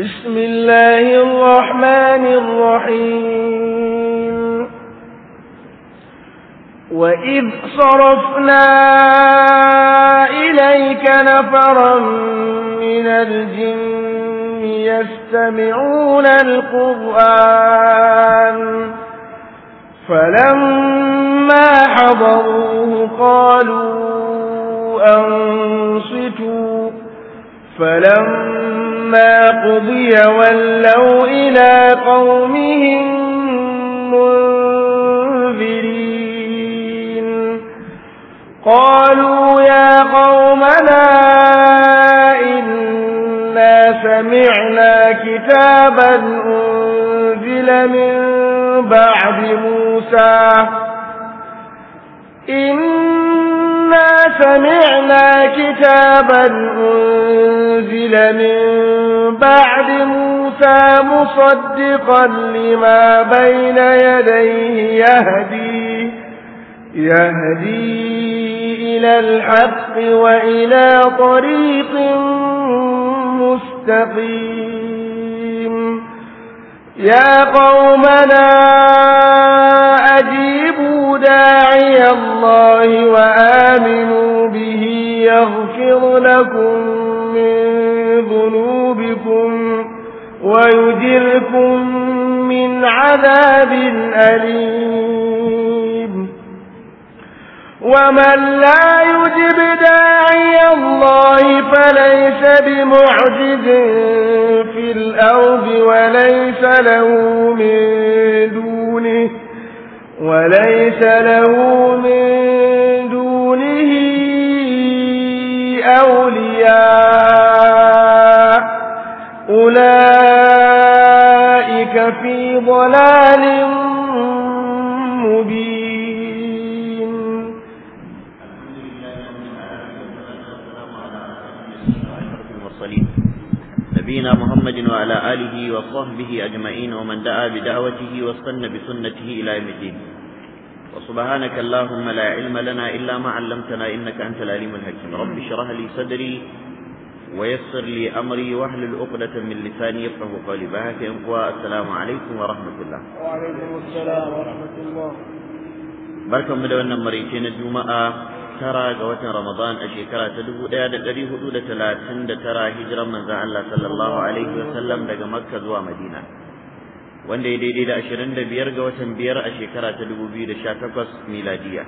بسم الله الرحمن الرحيم وإذ صرفنا إليك نفرا من الجن يستمعون القرآن فلما حضروه قالوا أنصتوا فلما فلما قضي ولوا إلى قومهم منذرين قالوا يا قومنا إنا سمعنا كتابا أنزل من بعد موسى إنا إنا سمعنا كتابا أنزل من بعد موسى مصدقا لما بين يديه يهدي يهدي إلى الحق وإلى طريق مستقيم يا قومنا أجيب داعي الله وآمنوا به يغفر لكم من ذنوبكم ويجركم من عذاب أليم ومن لا يجب داعي الله فليس بمعجز في الأرض وليس له من دونه وليس له من دونه أولياء أولئك في ضلال مبين نبينا محمد وعلى آله وصحبه أجمعين ومن دعا بدعوته واستنى بسنته إلى يوم الدين وسبحانك اللهم لا علم لنا إلا ما علمتنا إنك أنت العليم الحكيم رب اشرح لي صدري ويسر لي أمري واحلل عقدة من لساني يفقه قولي بهاك السلام عليكم ورحمة الله وعليكم السلام ورحمة الله بركة مدونة مريتين الجمعة tara ga watan Ramadan a shekara ta dubu ɗaya da ɗari hudu da talatin da tara hijiran manzan Allah sallallahu alaihi wasallam daga Makka zuwa Madina wanda ya daidai da ashirin da biyar ga watan biyar a shekara ta dubu biyu da sha takwas miladiya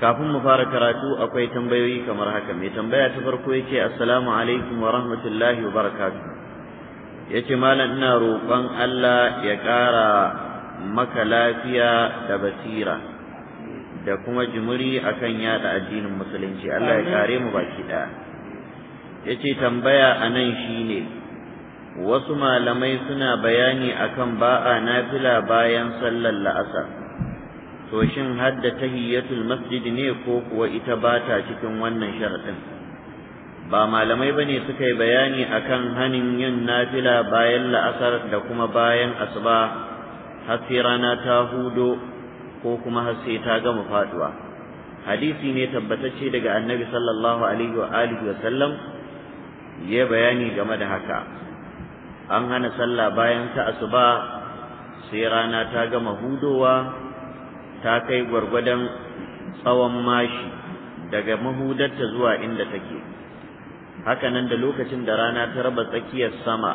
kafin mu fara karatu akwai tambayoyi kamar haka mai tambaya ta farko ya ce assalamu alaikum wa rahmatullahi wa barakatuh ya ce malam ina roƙon Allah ya ƙara maka lafiya da basira da kuma jimuri akan yada addinin musulunci Allah ya kare mu baki ɗaya yace tambaya anan shine wasu malamai suna bayani akan ba'a nafila bayan sallar la'asar to shin hadda tahiyyatul masjid ne ko kuwa ita bata cikin wannan sharadin ba malamai bane suka yi bayani akan hanin yin nafila bayan la'asar da kuma bayan asuba hasira na rana ta hudo ko kuma har sai ta gama faduwa hadisi ne tabbatacce daga annabi sallallahu alaihi wa alihi wa sallam ya bayani game da haka an hana sallah bayan ta asuba sai rana ta gama hudowa ta kai gwargwadon tsawon mashi daga mahudarta zuwa inda take haka nan da lokacin da rana ta raba tsakiyar sama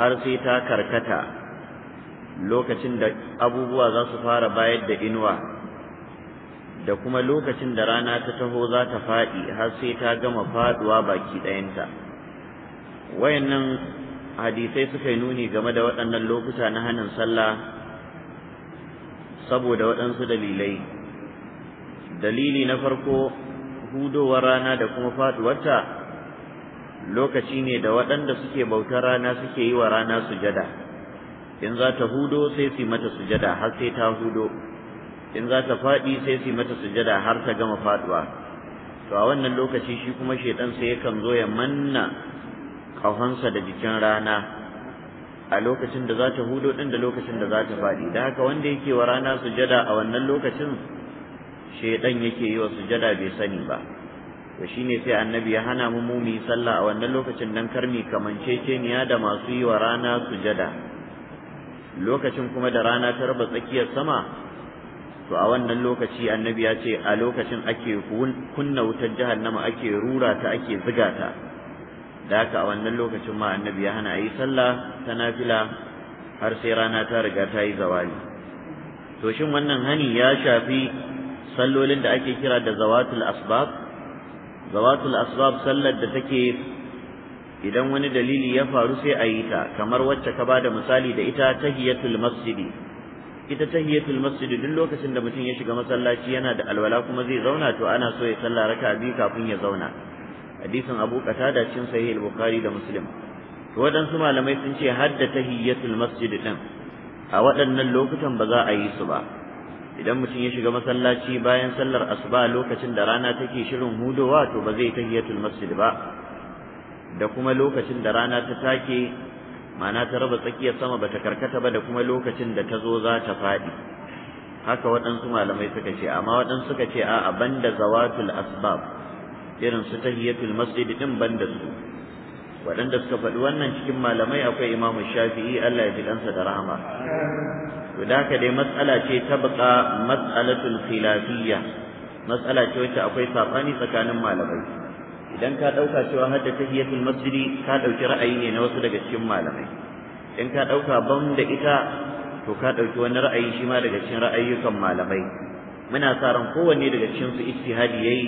har sai ta karkata lokacin da abubuwa za su fara bayar da inuwa da kuma lokacin da rana ta taho za ta faɗi har sai ta gama faɗuwa baki ɗayanta wayannan hadisai suka yi nuni game da waɗannan lokuta na hannun sallah saboda waɗansu dalilai dalili na farko hudowar rana da kuma faɗuwarta lokaci ne da waɗanda suke bautar rana suke yi wa rana sujada in za ta hudo sai su yi mata sujada har sai ta hudo in za ta faɗi sai su yi mata sujada har ta gama faɗuwa to a wannan lokaci shi kuma shaidan sai yakan zo ya manna ƙahonsa da jikin rana a lokacin da za ta hudo ɗin da lokacin da za ta faɗi da haka wanda yake wa rana sujada a wannan lokacin shaidan yake yi wa sujada bai sani ba to shine sai annabi ya hana mu mu sallah a wannan lokacin dan karmi kamanceceniya da masu yi wa rana sujada lokacin kuma da rana ta raba tsakiyar sama to a wannan lokaci annabi ya ce a lokacin ake kunna wutar jahannama ake rura ta ake ziga ta da haka a wannan lokacin ma annabi ya hana a yi sallah ta nafila har sai rana ta riga ta yi zawali to shin wannan hani ya shafi sallolin da ake kira da zawatul asbab zawatul asbab sallar da take idan wani dalili ya faru sai a yi ta kamar wacce ka bada misali da ita tahiyatul masjidi ita tahiyatul masjidi duk lokacin da mutum ya shiga masallaci yana da alwala kuma zai zauna to ana so ya sallah raka biyu kafin ya zauna hadisin Abu Qatada cin sahih al-Bukhari da Muslim to waɗansu malamai sun ce har da tahiyatul masjidi din a waɗannan lokutan ba za a yi su ba idan mutum ya shiga masallaci bayan sallar asuba lokacin da rana take shirin hudowa to ba zai tahiyatul masjid ba da kuma lokacin da rana ta take ma'ana ta raba tsakiyar sama bata karkata ba da kuma lokacin da ta zo za ta faɗi haka waɗansu malamai suka ce amma waɗansu suka ce a'a banda zawatul asbab irin su tahiyatul masjid din banda su waɗanda suka faɗi wannan cikin malamai akwai imamu shafi'i Allah ya ji ɗansa da rahama to da haka dai matsala ce ta buƙa matsalatul khilafiyya matsala ce wacce akwai saɓani tsakanin malamai idan ka ɗauka cewa hadda tahiyatul masjidi ka ɗauki ra'ayi ne na wasu daga cikin malamai in ka ɗauka ban da ita to ka ɗauki wani ra'ayi shi ma daga cikin ra'ayyukan malamai muna sa ran kowanne daga cikin su ijtihadi yayi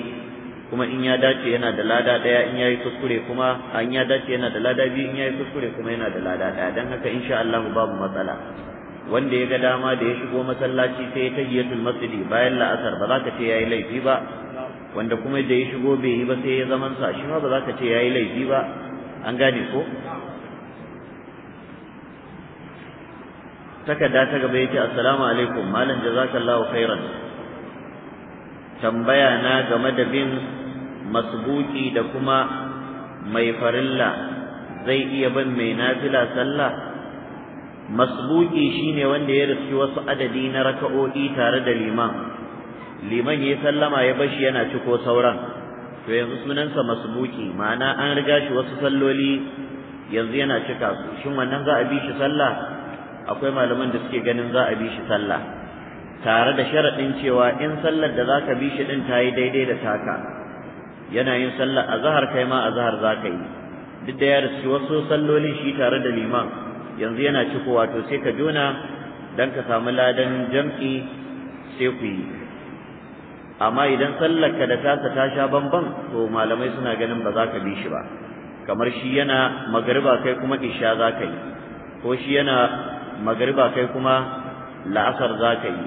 kuma in ya dace yana da lada ɗaya in yayi kuskure kuma in ya dace yana da lada biyu in yayi kuskure kuma yana da lada ɗaya dan haka insha Allah babu matsala wanda ya ga dama da ya shigo masallaci sai ya tahiyatul masjidi bayan la'asar ba za ka ce yayi laifi ba wanda kuma da ya shigo bai yi ba sai ya zaman sa shi ma ba za ka ce yayi laifi ba an gane ko takarda ta gaba yace assalamu alaikum malam jazakallahu khairan tambaya na game da bin masbuki da kuma mai farilla zai iya ban mai nafila sallah masbuki shine wanda ya riski wasu adadi na raka'o'i tare da liman liman ya sallama ya bashi yana ciko sauran to yanzu sunansa masbuki ma'ana an riga shi wasu salloli yanzu yana cika su shin wannan za a bi shi sallah akwai malaman da suke ganin za a bi shi sallah tare da sharaɗin cewa in sallar da zaka ka bi shi ɗin tayi daidai da taka yana yin sallar zahar kai ma azahar za ka yi duk da ya rasu wasu sallolin shi tare da liman yanzu yana cikowa wato sai ka jona dan ka samu ladan jam'i sai ku yi amma idan sallarka da tasa ta sha bamban to malamai suna ganin ba za ka bi shi ba kamar shi yana magariba kai kuma isha za ka yi ko shi yana magariba kai kuma la'asar za ka yi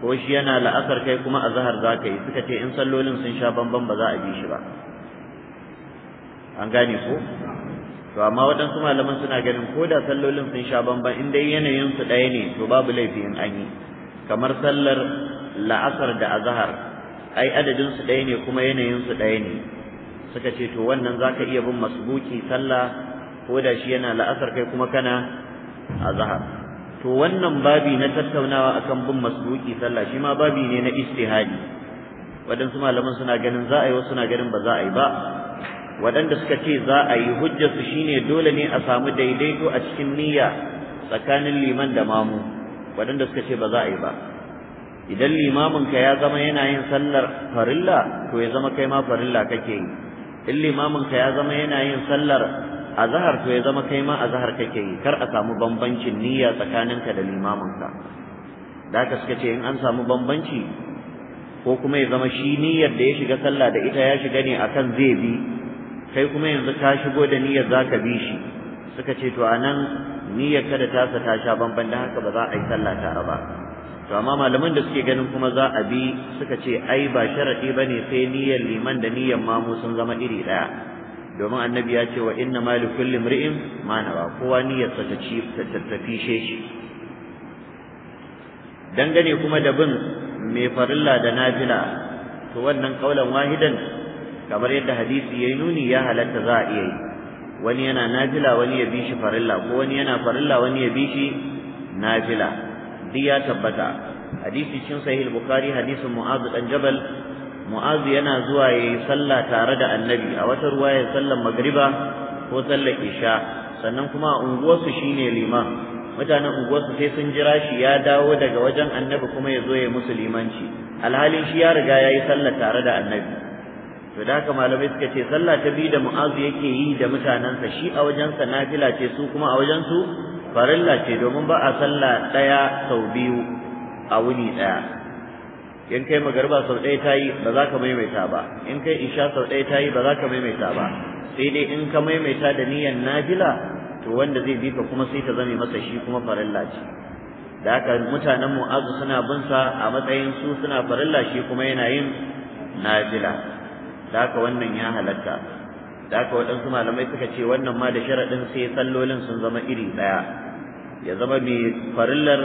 ko shi yana la'asar kai kuma azhar za ka yi suka ce in sallolin sun sha bamban ba za a bi shi ba an gane ko to amma waɗansu malaman suna ganin ko da sallolin sun sha bamban in dai yanayin su ɗaya ne to babu laifi in an yi kamar sallar la'asar da azhar ai adadin su ɗaya ne kuma yanayin su ɗaya ne suka ce to wannan zaka iya bin masbuki sallah ko da shi yana la'asar kai kuma kana azhar to wannan babi na tattaunawa akan bin masbuki sallah shi ma babi ne na istihadi waɗansu malaman suna ganin za a yi wasu suna ganin ba za a yi ba waɗanda suka ce za a yi hujjarsu shine dole ne a samu daidaito a cikin niyya tsakanin liman da mamu waɗanda suka ce ba za a yi ba idan limamin ka ya zama yana yin sallar farilla to ya zama kai ma farilla kake yi in limamin ka ya zama yana yin sallar azhar to ya zama kai ma azhar kake yi kar a samu bambancin niyya tsakaninka da limamin ka da ka suka ce in an samu bambanci ko kuma ya zama shi niyyar da ya shiga sallah da ita ya shiga ne akan zai bi kai kuma yanzu ka shigo da niyyar zaka bi shi suka ce to anan niyyar kada da tasa ta sha bamban da haka ba za a yi sallah tare ba to amma malaman da suke ganin kuma za a bi suka ce ai ba sharadi bane sai niyyar liman da niyyar mamu sun zama iri daya domin annabi ya ce wa inna ma li kulli imri'in ma nawa kowa niyyar sa ta ci ta tafi shi dangane kuma da bin mai farilla da nafila to wannan kaulan wahidan kamar yadda hadisi yayi nuni ya halatta za a iya yi wani yana nafila wani ya bi shi farilla ko wani yana farilla wani ya bi shi nafila duk ya tabbata hadisi cikin sahih bukhari hadisin mu'az dan jabal mu'az yana zuwa yayi sallah tare da annabi a wata ruwaya sallar magriba ko sallar isha sannan kuma unguwarsu shine liman mutanen unguwarsu sai sun jira shi ya dawo daga wajen annabi kuma ya zo ya musu limanci alhalin shi ya riga yayi sallah tare da annabi to da haka malamai suka ce sallah ta biyu da mu'az yake yi da mutanensa shi a wajensa nafila ce su kuma a wajensu farilla ce domin ba a sallah ɗaya sau biyu a wuni ɗaya in kai magarba sau ɗaya ta yi ba za ka maimaita ba in kai isha sau ɗaya ta ba za ka maimaita ba sai dai in ka maimaita da niyan nafila to wanda zai bi ka kuma sai ta zame masa shi kuma farilla ce da haka mutanen mu'azu suna bin sa a matsayin su suna farilla shi kuma yana yin nafila da haka wannan ya halatta da aka waɗansu malamai suka ce wannan ma da sharaɗin sai sallolin sun zama iri ɗaya ya zama mai farillar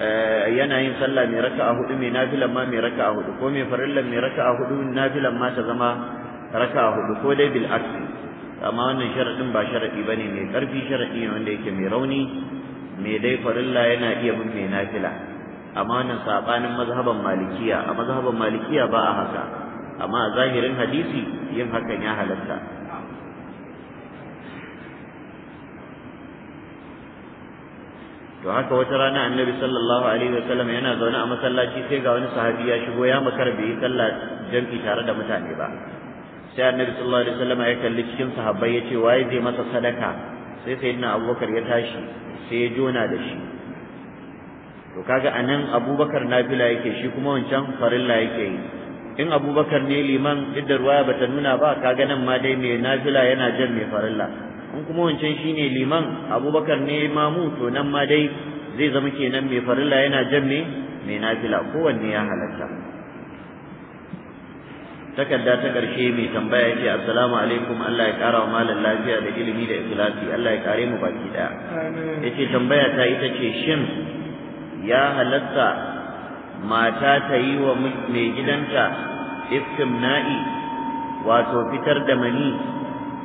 eh, yana yin sallah mai a hudu mai nafilan ma mai raka a hudu ko mai farillar mai raka a hudu nafilan ma ta zama raka a hudu ko dai bil aksi amma wannan sharaɗin ba sharaɗi ne. mai ƙarfi sharaɗi ne wanda yake mai rauni mai dai farilla yana iya bin mai nafila amma wannan saɓanin mazhaban malikiya a mazhaban malikiya ba a haka amma a zahirin hadisi yin hakan ya halatta to haka wata rana annabi sallallahu alaihi wasallam yana zaune a masallaci sai ga wani sahabi ya shigo ya makar bai yi sallah jam'i tare da mutane ba sai annabi sallallahu alaihi wasallam ya kalli cikin sahabbai ya ce waye zai masa sadaka sai sayyidina abubakar ya tashi sai ya jona da shi to kaga anan abubakar nafila yake shi kuma wancan farilla yake yi in abubakar ne liman duk da ruwaya bata nuna ba kaga nan ma dai mai nafila yana jan mai farilla in kuma wancan shine liman abubakar ne mamu to nan ma dai zai zama kenan mai farilla yana jan ne mai nafila kowanne ya halatta takarda ta ƙarshe mai tambaya yake assalamu alaikum Allah ya ƙara wa malam lafiya da ilimi da ikhlasi Allah ya kare mu baki ɗaya yace tambaya ta ita ce shin ya halatta mata ta yi wa mai gidanta na'i wato fitar da mani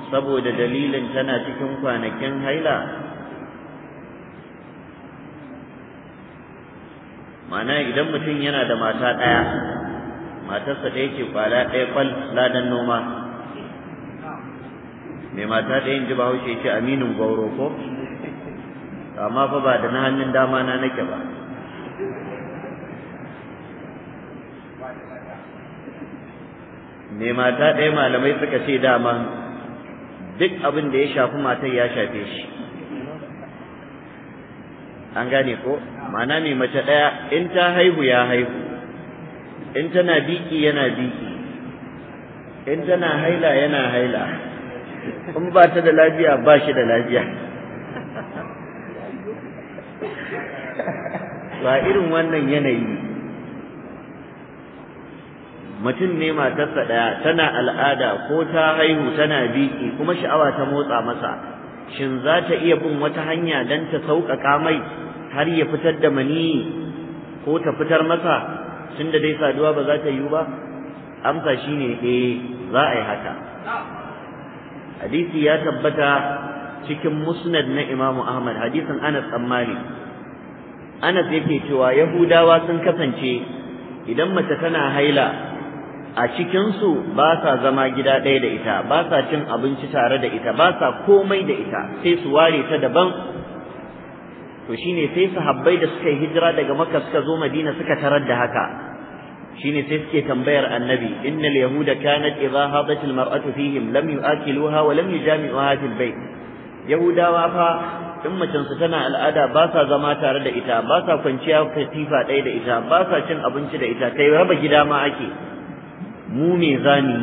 saboda dalilin tana cikin kwanakin haila mana idan mutum yana da mata ɗaya matarsa ɗaya ce kwala ɗaya kwal ladan noma mai mata ɗayan ji bahaushe ce aminin gauro ko amma fa ba da na hannun dama na nake ba mai mata ɗaya malamai suka ce dama duk abin da ya shafi matar ya shafe shi an gane ko mana mai mace ɗaya in ta haihu ya haihu in tana biki yana biki in tana haila yana haila in ba ta da lafiya ba shi da lafiya ba irin wannan yanayi mutum ne matarsa ɗaya tana al'ada ko ta haihu tana biki kuma sha'awa ta motsa masa shin za ta iya bin wata hanya don ta sauƙaƙa mai har ya fitar da mani ko ta fitar masa tun da dai saduwa ba za ta yiwu ba amsa shi ne eh za a yi haka hadisi ya tabbata cikin musnad na imamu ahmad hadisin anas ammali anas yake cewa yahudawa sun kasance idan mace tana haila a cikinsu ba sa zama gida ɗaya da ita ba sa cin abinci tare da ita ba sa komai da ita sai su ware ta daban to shine sai sahabbai da suka yi hijira daga makka suka zo madina suka tarar da haka shine sai suke tambayar annabi innal yahuda kanat idha hadat al mar'atu fihim lam yu'akiluha wa lam yujami'uha fil bayt yahudawa fa in macen su tana al'ada ba sa zama tare da ita ba sa kwanciya katifa ɗaya da ita ba sa cin abinci da ita kai raba gida ma ake mu me zani?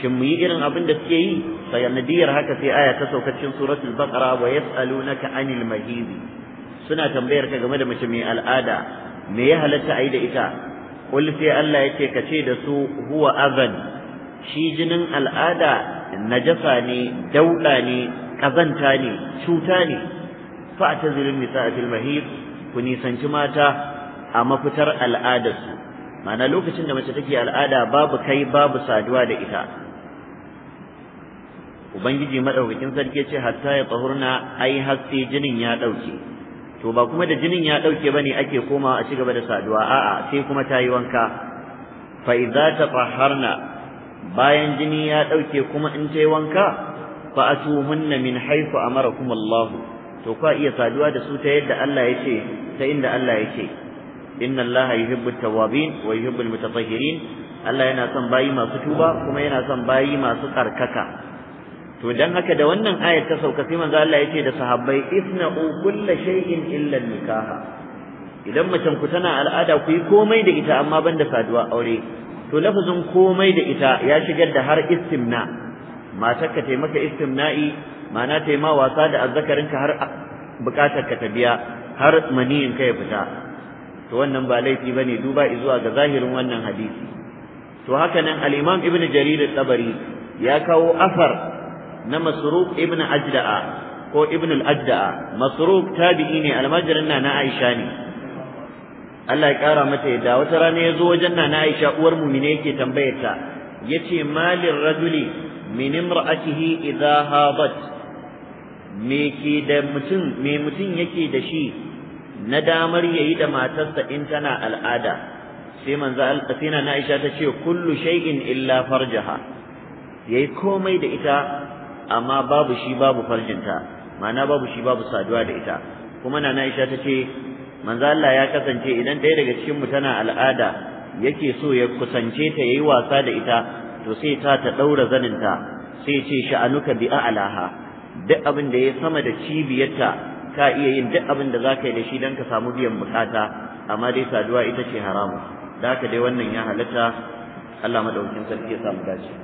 shin mu yi irin abin da suke yi sayanadiyar haka sai aya ta sauka cikin suratul baqara wa yas'alunaka anil mahid suna tambayar ka game da mace mai al'ada me ya halatta ayi da ita qul sai Allah yake ka ce da su huwa azan shi jinin al'ada najasa ne dauda ne kazanta ne cuta ne fa'tazilun nisa'atil mahid ku nisanci mata a mafitar al'adarsu ma'ana lokacin da mace take al'ada babu kai babu saduwa da ita ubangiji madaukakin sarki ce hatta ya tsahurna ai haske jinin ya dauke to ba kuma da jinin ya ɗauke dauke bane ake koma a gaba da saduwa a'a sai kuma tayi wanka fa idza tatahharna bayan jini ya ɗauke kuma in tayi wanka fa atuhunna min haythu amarakum Allah to kwa iya saduwa da su ta yadda Allah ya ce ta inda Allah ya ce inna allaha yuhibbu tawwabin wa yuhibbu almutatahhirin Allah yana son bayi masu tuba kuma yana son bayi masu karkaka to dan haka da wannan ayar ta sauka sai manzo Allah yace da sahabbai isna'u kulla shay'in illa nikah idan macen ku tana al'ada ku yi komai da ita amma banda saduwa aure to lafazin komai da ita ya shigar da har istimna matarka ta maka istimna'i ma'ana ta ma wasa da azzakarinka har bukatar ka ta biya har maniyin ka ya fita to wannan ba laifi bane duba zuwa ga zahirin wannan hadisi to haka nan al-Imam Ibn Jarir al-Tabari ya kawo afar na Masruq ibn Ajda'a ko Ibn al-Ajda'a Masruq tabi'i ne almajirin na Aisha ne Allah ya kara mata yadda wata rana ya zo wajen na Aisha uwar mu'mini yake tambayar ta yace malir rajuli min imra'atihi idha hadat me ke da mutum me mutum yake da shi na damar yayi da matarsa in tana al'ada sai manzo sai na Aisha ta ce kullu shay'in illa farjaha yayi komai da ita amma babu shi babu farjinta ma'ana babu shi babu saduwa da ita kuma na Aisha ta ce manzo Allah ya kasance idan ɗaya daga cikin mu tana al'ada yake so ya kusance ta yayi wasa da ita to sai ta ta daura zaninta sai ce sha'anuka bi a'laha duk abin da ya sama da cibiyarta ka iya yin duk abin da zaka yi da shi dan ka samu biyan bukata amma dai saduwa ita ce haramu da haka dai wannan ya halatta Allah madaukin sarki ya samu dace a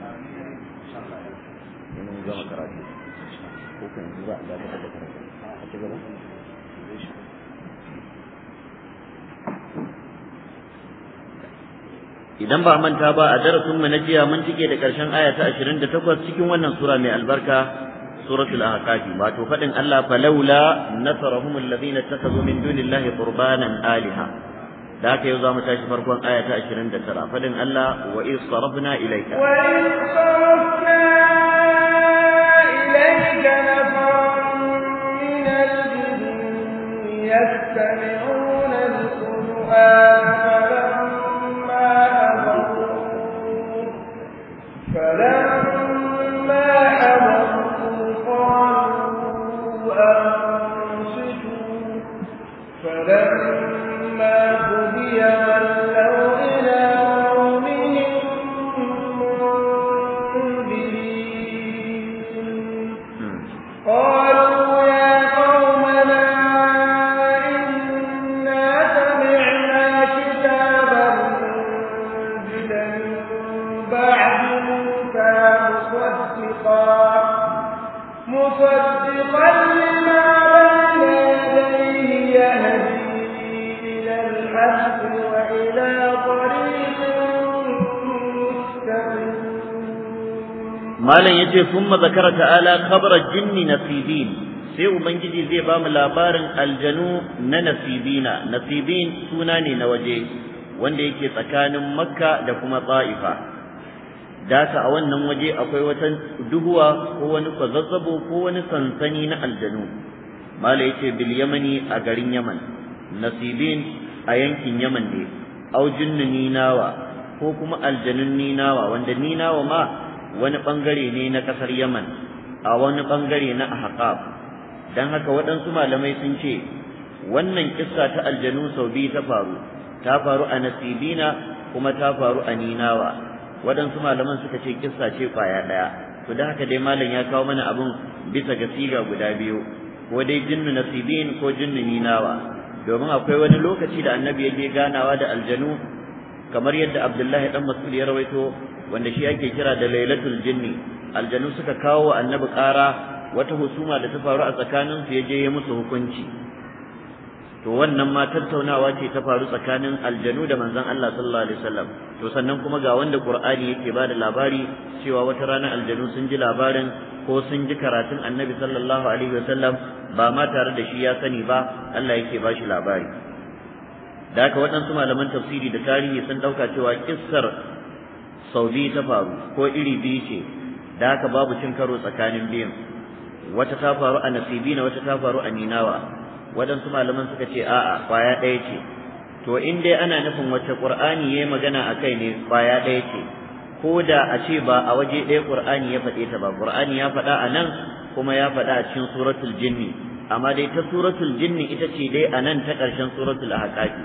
idan ba manta ba a darasin mu na jiya mun cike da karshen aya ta 28 cikin wannan sura mai albarka سورة الأعقاب ما توفدن الله فلولا نصرهم الذين اتخذوا من دون الله قربانا آلهة ذاك يوزام تاشي فرقوان آية 29 فلن ألا وإذ صرفنا إليك وإذ صرفنا إليك نفر من الجن يستمعون القرآن malam ya ce sun zakara ta'ala khabara jinni nasibin sai ubangiji zai ba mu labarin aljanu na nasibina nasibin suna ne na waje wanda yake tsakanin makka da kuma ta'ifa daka a wannan waje akwai wata duhuwa ko wani kwazazzabo ko wani sansani na aljanu ya yace bil yamani a garin yaman nasibin a yankin yaman ne au jinnu ninawa ko kuma aljanun ninawa wanda ninawa ma wani bangare ne na kasar yaman a wani bangare na ahqab dan haka waɗansu malamai sun ce wannan kissa ta aljanu sau biyu ta faru ta faru a nasibina kuma ta faru a ninawa waɗansu malaman suka ce kissa ce kwaya ɗaya to da haka dai malam ya kawo mana abin bisa ga siga guda biyu ko dai jinnu nasibin ko jinnu ninawa domin akwai wani lokaci da annabi ya je ganawa da aljanu kamar yadda abdullahi dan mas'ud ya rawaito wanda shi ake kira da lailatul jinni aljanu suka kawo wa annabi ƙara wata husuma da ta faru a tsakanin su ya je ya musu hukunci to wannan ma tattaunawa ce ta faru tsakanin aljanu da manzon Allah sallallahu alaihi wasallam to sannan kuma ga wanda Qur'ani yake bada labari cewa wata rana aljanu sun ji labarin ko sun ji karatun Annabi sallallahu alaihi wasallam ba ma tare da shi ya sani ba Allah yake ba shi labari da haka waɗansu malaman tafsiri da tarihi sun ɗauka cewa kissar sau biyu ta faru ko iri biyu ce da haka babu cin karo tsakanin biyun wata ta faru a nasibina wata ta faru a ninawa waɗansu malaman suka ce a'a kwaya ɗaya ce to in dai ana nufin wacce qur'ani yayi magana akai ne kwaya ɗaya ce ko da a ce ba a waje ɗaya qur'ani ya faɗe ta ba qur'ani ya faɗa a nan kuma ya faɗa a cikin suratul jinni amma dai ta suratul jinni ita ce dai a nan ta ƙarshen suratul ahqafi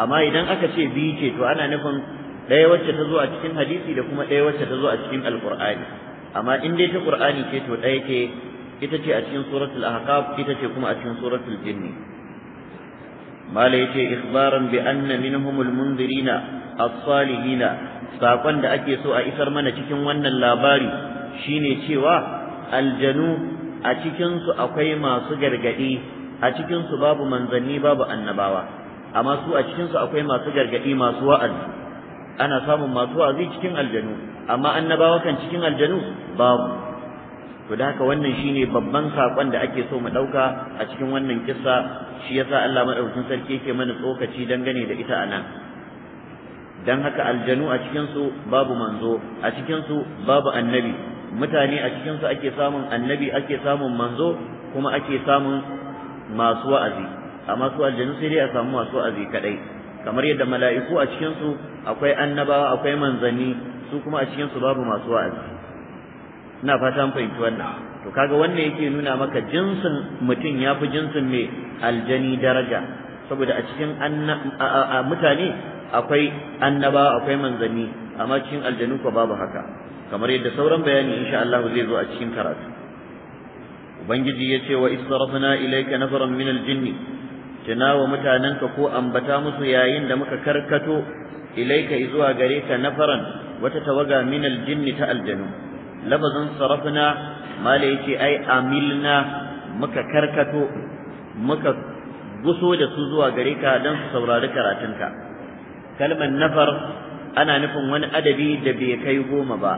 amma idan aka ce biyu ce to ana nufin ɗaya wacce ta zo a cikin hadisi da kuma ɗaya wacce ta zo a cikin alqur'ani amma in dai ta qur'ani ce to ɗaya ce ita ce a cikin suratul ahqaf ita ce kuma a cikin suratul jinni mala yace ikhbaran bi anna minhumul mundirina as-salihina sakon da ake so a isar mana cikin wannan labari shine cewa aljanu a cikin su akwai masu gargadi a cikin su babu manzanni babu annabawa amma su a cikin su akwai masu gargadi masu wa'azi ana samun masu wa'azi cikin aljanu amma annabawa kan cikin aljanu babu to da haka wannan shine babban sakon da ake so mu dauka a cikin wannan kissa shi yasa Allah madaukakin sarki yake mana tsokaci dangane da ita anan dan haka aljanu a cikin su babu manzo a cikin su babu annabi mutane a cikin su ake samun annabi ake samun manzo kuma ake samun masu wa'azi amma su aljanu sai dai a samu masu wa'azi kadai kamar yadda mala'iku a cikin su akwai annabawa akwai manzanni su kuma a cikin su babu masu wa'azi ina fata an fahimci wannan to kaga wannan yake nuna maka jinsin mutum ya fi jinsin mai aljani daraja saboda a cikin mutane akwai annaba akwai manzanni amma cikin aljanu ko babu haka kamar yadda sauran bayani insha Allah zai zo a cikin karatu ubangiji ya ce wa istarafna ilayka nafaran min aljinni tana wa mutananka ko ambata musu yayin da muka karkato ilayka zuwa gare ka nafaran wata tawaga min aljinni ta aljanu labazin sarafna mala yace ai amilna muka karkato muka guso da su zuwa gare ka dan su saurari karatunka kalmar nafar ana nufin wani adadi da bai kai goma ba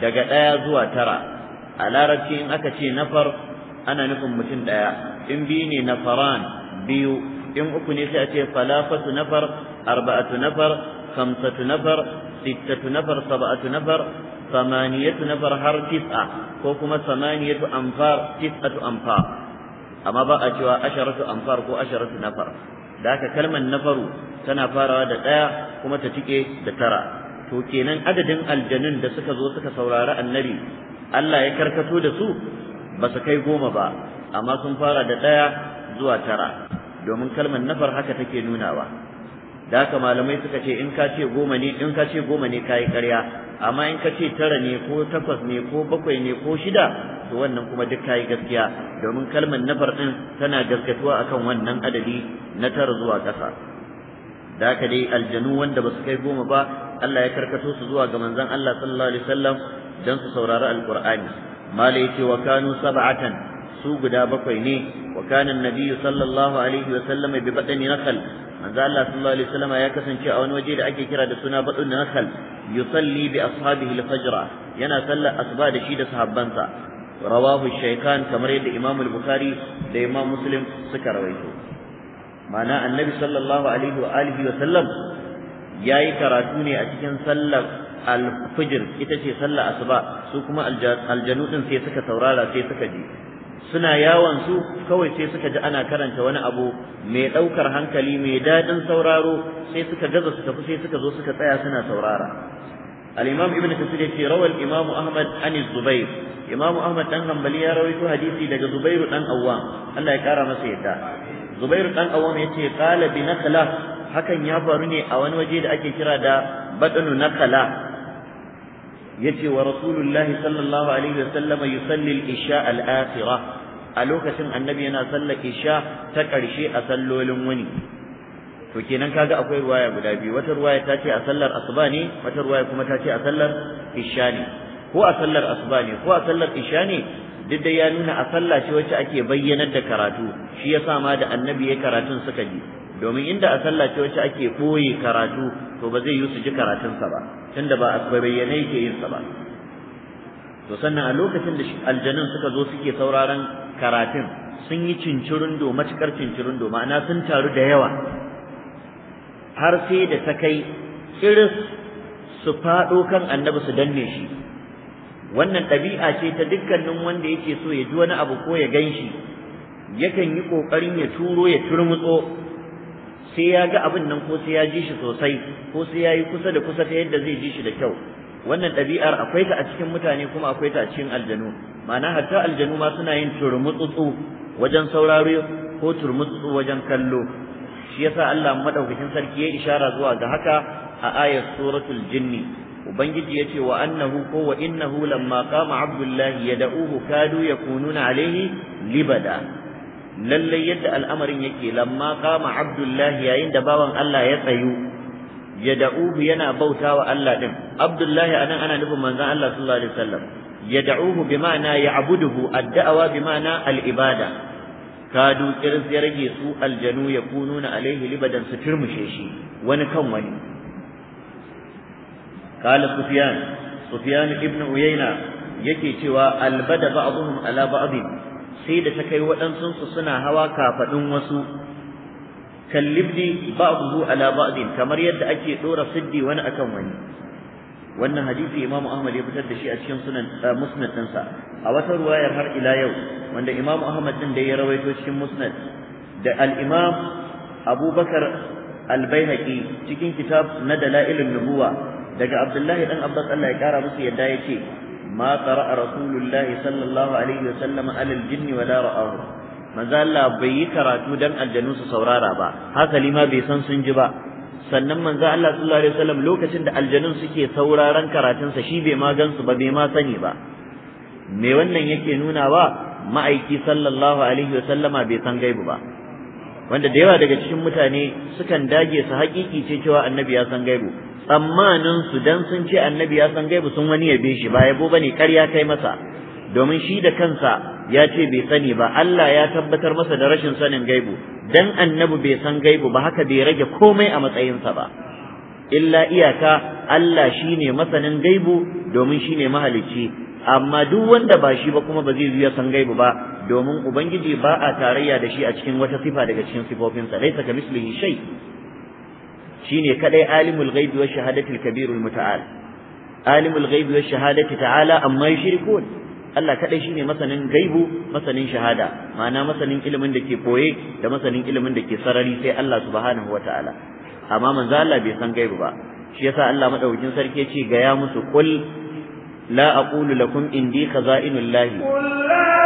daga ɗaya zuwa tara a larabci in aka ce nafar ana nufin mutum ɗaya in biyu ne nafaran biyu in uku ne sai a ce falafatu nafar arba'atu nafar khamsatu nafar sittatu nafar saba'atu nafar samaniyatu nafar har tis'a ko kuma samaniyatu amfar tis'atu amfar amma ba a cewa asharatu amfar ko asharatu nafar da haka kalmar nafaru tana farawa da ɗaya kuma ta tike da tara to kenan adadin aljanun da suka zo suka saurari annabi Allah ya karkato da su ba su kai goma ba amma sun fara da ɗaya zuwa tara domin kalmar nafar haka take nunawa da haka malamai suka ce in ka ce goma ne in ka ce goma ne kai ƙarya amma in ka ce tara ne ko takwas ne ko bakwai ne ko shida to wannan kuma duk kayi gaskiya domin kalmar nafar ɗin tana gaskatuwa akan wannan adadi na tara zuwa ƙasa da haka dai aljanu wanda ba su kai goma ba Allah ya karkato su zuwa ga manzon Allah sallallahu alaihi wasallam dan su saurari alqur'ani mala yace wa kanu sab'atan su guda bakwai ne wa kana sallallahu alaihi wa bi badani nakal manzo Allah sallallahu alaihi wasallam ya kasance a wani waje da ake kira da suna badun nakal yusalli bi ashabihi al yana sallar asuba da shi da sahabbansa rawahu shaykan kamar yadda Imam al-Bukhari da Imam Muslim suka rawaito mana annabi sallallahu alaihi wa alihi wa sallam yayi karatu ne a cikin sallar al-fajr ita ce sallar asuba su kuma aljanu din sai suka saurara sai suka ji suna yawon su kawai sai suka ji ana karanta wani abu mai ɗaukar hankali mai daɗin sauraro sai suka gaza su tafi sai suka zo suka tsaya suna saurara al-imam ibn kasir yace rawal imam ahmad an zubair imam ahmad dan hanbali ya rawaito hadisi daga zubairu dan awwam Allah ya kara masa yadda zubairu dan awwam yace qala bi nakala hakan ya faru ne a wani waje da ake kira da badanu nakala yace wa rasulullahi sallallahu alaihi wasallam yusalli al-isha al-akhirah a lokacin annabi yana sallar isha ta ƙarshe a sallolin wuni to kenan kaga akwai ruwaya guda biyu wata ruwaya ta ce a sallar asuba ne wata ruwaya kuma ta ce a sallar isha ne ko a sallar asuba ne ko a sallar isha ne duk da ya nuna a sallah ce wacce ake bayyanar da karatu shi yasa ma da annabi ya karatun suka ji domin inda a sallah ce wacce ake ɓoye karatu to ba zai yi su ji karatunsa ba tunda ba a bayyane yake yin sa ba to sannan a lokacin da aljanun suka zo suke sauraron karatun sun yi cincirin do matukar cincirin do ma'ana sun taru da yawa har sai da ta kai tsiris su faɗo kan annabi su danne shi wannan ɗabi'a ce ta dukkanin wanda yake so ya ji wani abu ko ya gan shi yakan yi ƙoƙarin ya turo ya turmutso sai ya ga abin nan ko sai ya ji shi sosai ko sai ya yi kusa da kusa ta yadda zai ji shi da kyau wannan ɗabi'ar akwai ta a cikin mutane kuma akwai ta a cikin aljanu ma'ana hatta aljanu ma suna yin turmutsutsu wajen sauraro ko turmutsutsu wajen kallo shi yasa Allah madaukakin sarki ya ishara zuwa ga haka a ayat suratul jinni ubangiji yace wa annahu ko wa innahu lamma qama abdullahi yad'uhu kadu yakununa alaihi libada lallai yadda al'amarin yake lamma kama abdullahi yayin da bawan Allah ya tsayu ya da'uhu yana bautawa Allah din abdullahi anan ana nufin manzon Allah sallallahu alaihi wasallam ya da'uhu bi ma'ana ya abuduhu addawa bi ma'ana al'ibada kadu kiris ya rage su aljanu ya kununa alaihi libadan su turmushe shi wani kan wani qala sufyan sufyan ibn uyayna yake cewa albada ba'dhum ala ba'd sai da ta kai waɗansunsu suna hawa kafaɗin wasu kallibdi ba'dhu ala ba'din kamar yadda ake ɗora siddi wani akan wani wannan hadisi Imam Ahmad ya fitar da shi a cikin sunan eh, musnad ɗinsa a wata ruwayar har ila yau wanda Imam Ahmad din da ya rawaito cikin musnad da al-Imam Abubakar al-Baihaqi cikin kitab na Dalailun Nubuwa daga Abdullahi dan Abbas Allah ya kara musu yadda yace ما قرأ رسول الله صلى الله عليه وسلم على الجن ولا رآه manzo Allah bai yi karatu dan aljanu su saurara ba hasali ma bai san sun ji ba sannan manzo Allah sallallahu alaihi wasallam lokacin da aljanun suke sauraron karatun sa shi bai ma gansu ba bai ma sani ba me wannan yake nuna wa ma'aiki sallallahu alaihi wasallama bai san gaibu ba wanda da yawa daga cikin mutane sukan dage su haƙiƙi ce cewa annabi ya san gaibu tsammanin su dan sun ce annabi ya san gaibu sun wani yabe shi ba yabo bane ƙarya kai masa domin shi da kansa ya ce bai sani ba Allah ya tabbatar masa da rashin sanin gaibu dan annabi bai san gaibu ba haka bai rage komai a matsayinsa ba illa iyaka Allah shine masanin gaibu domin shine mahalicci amma duk wanda ba shi ba kuma ba zai zuya san gaibu ba domin ubangiji ba a tarayya da shi a cikin wata sifa daga cikin sifofinsa laisa ka mislihi shay' shine kadai alimul ghaibi wash shahadati kabirul muta'al alimul ghaibi wash shahadati ta'ala amma yushrikun Allah kadai shine masanin gaibu masanin shahada ma'ana masanin ilimin da ke koye da masanin ilimin da ke sarari sai Allah subhanahu wata'ala amma manzo Allah bai san gaibu ba shi yasa Allah madaukin sarki ya ce ga ya musu kulla la aqulu lakum indi khaza'inullahi qul la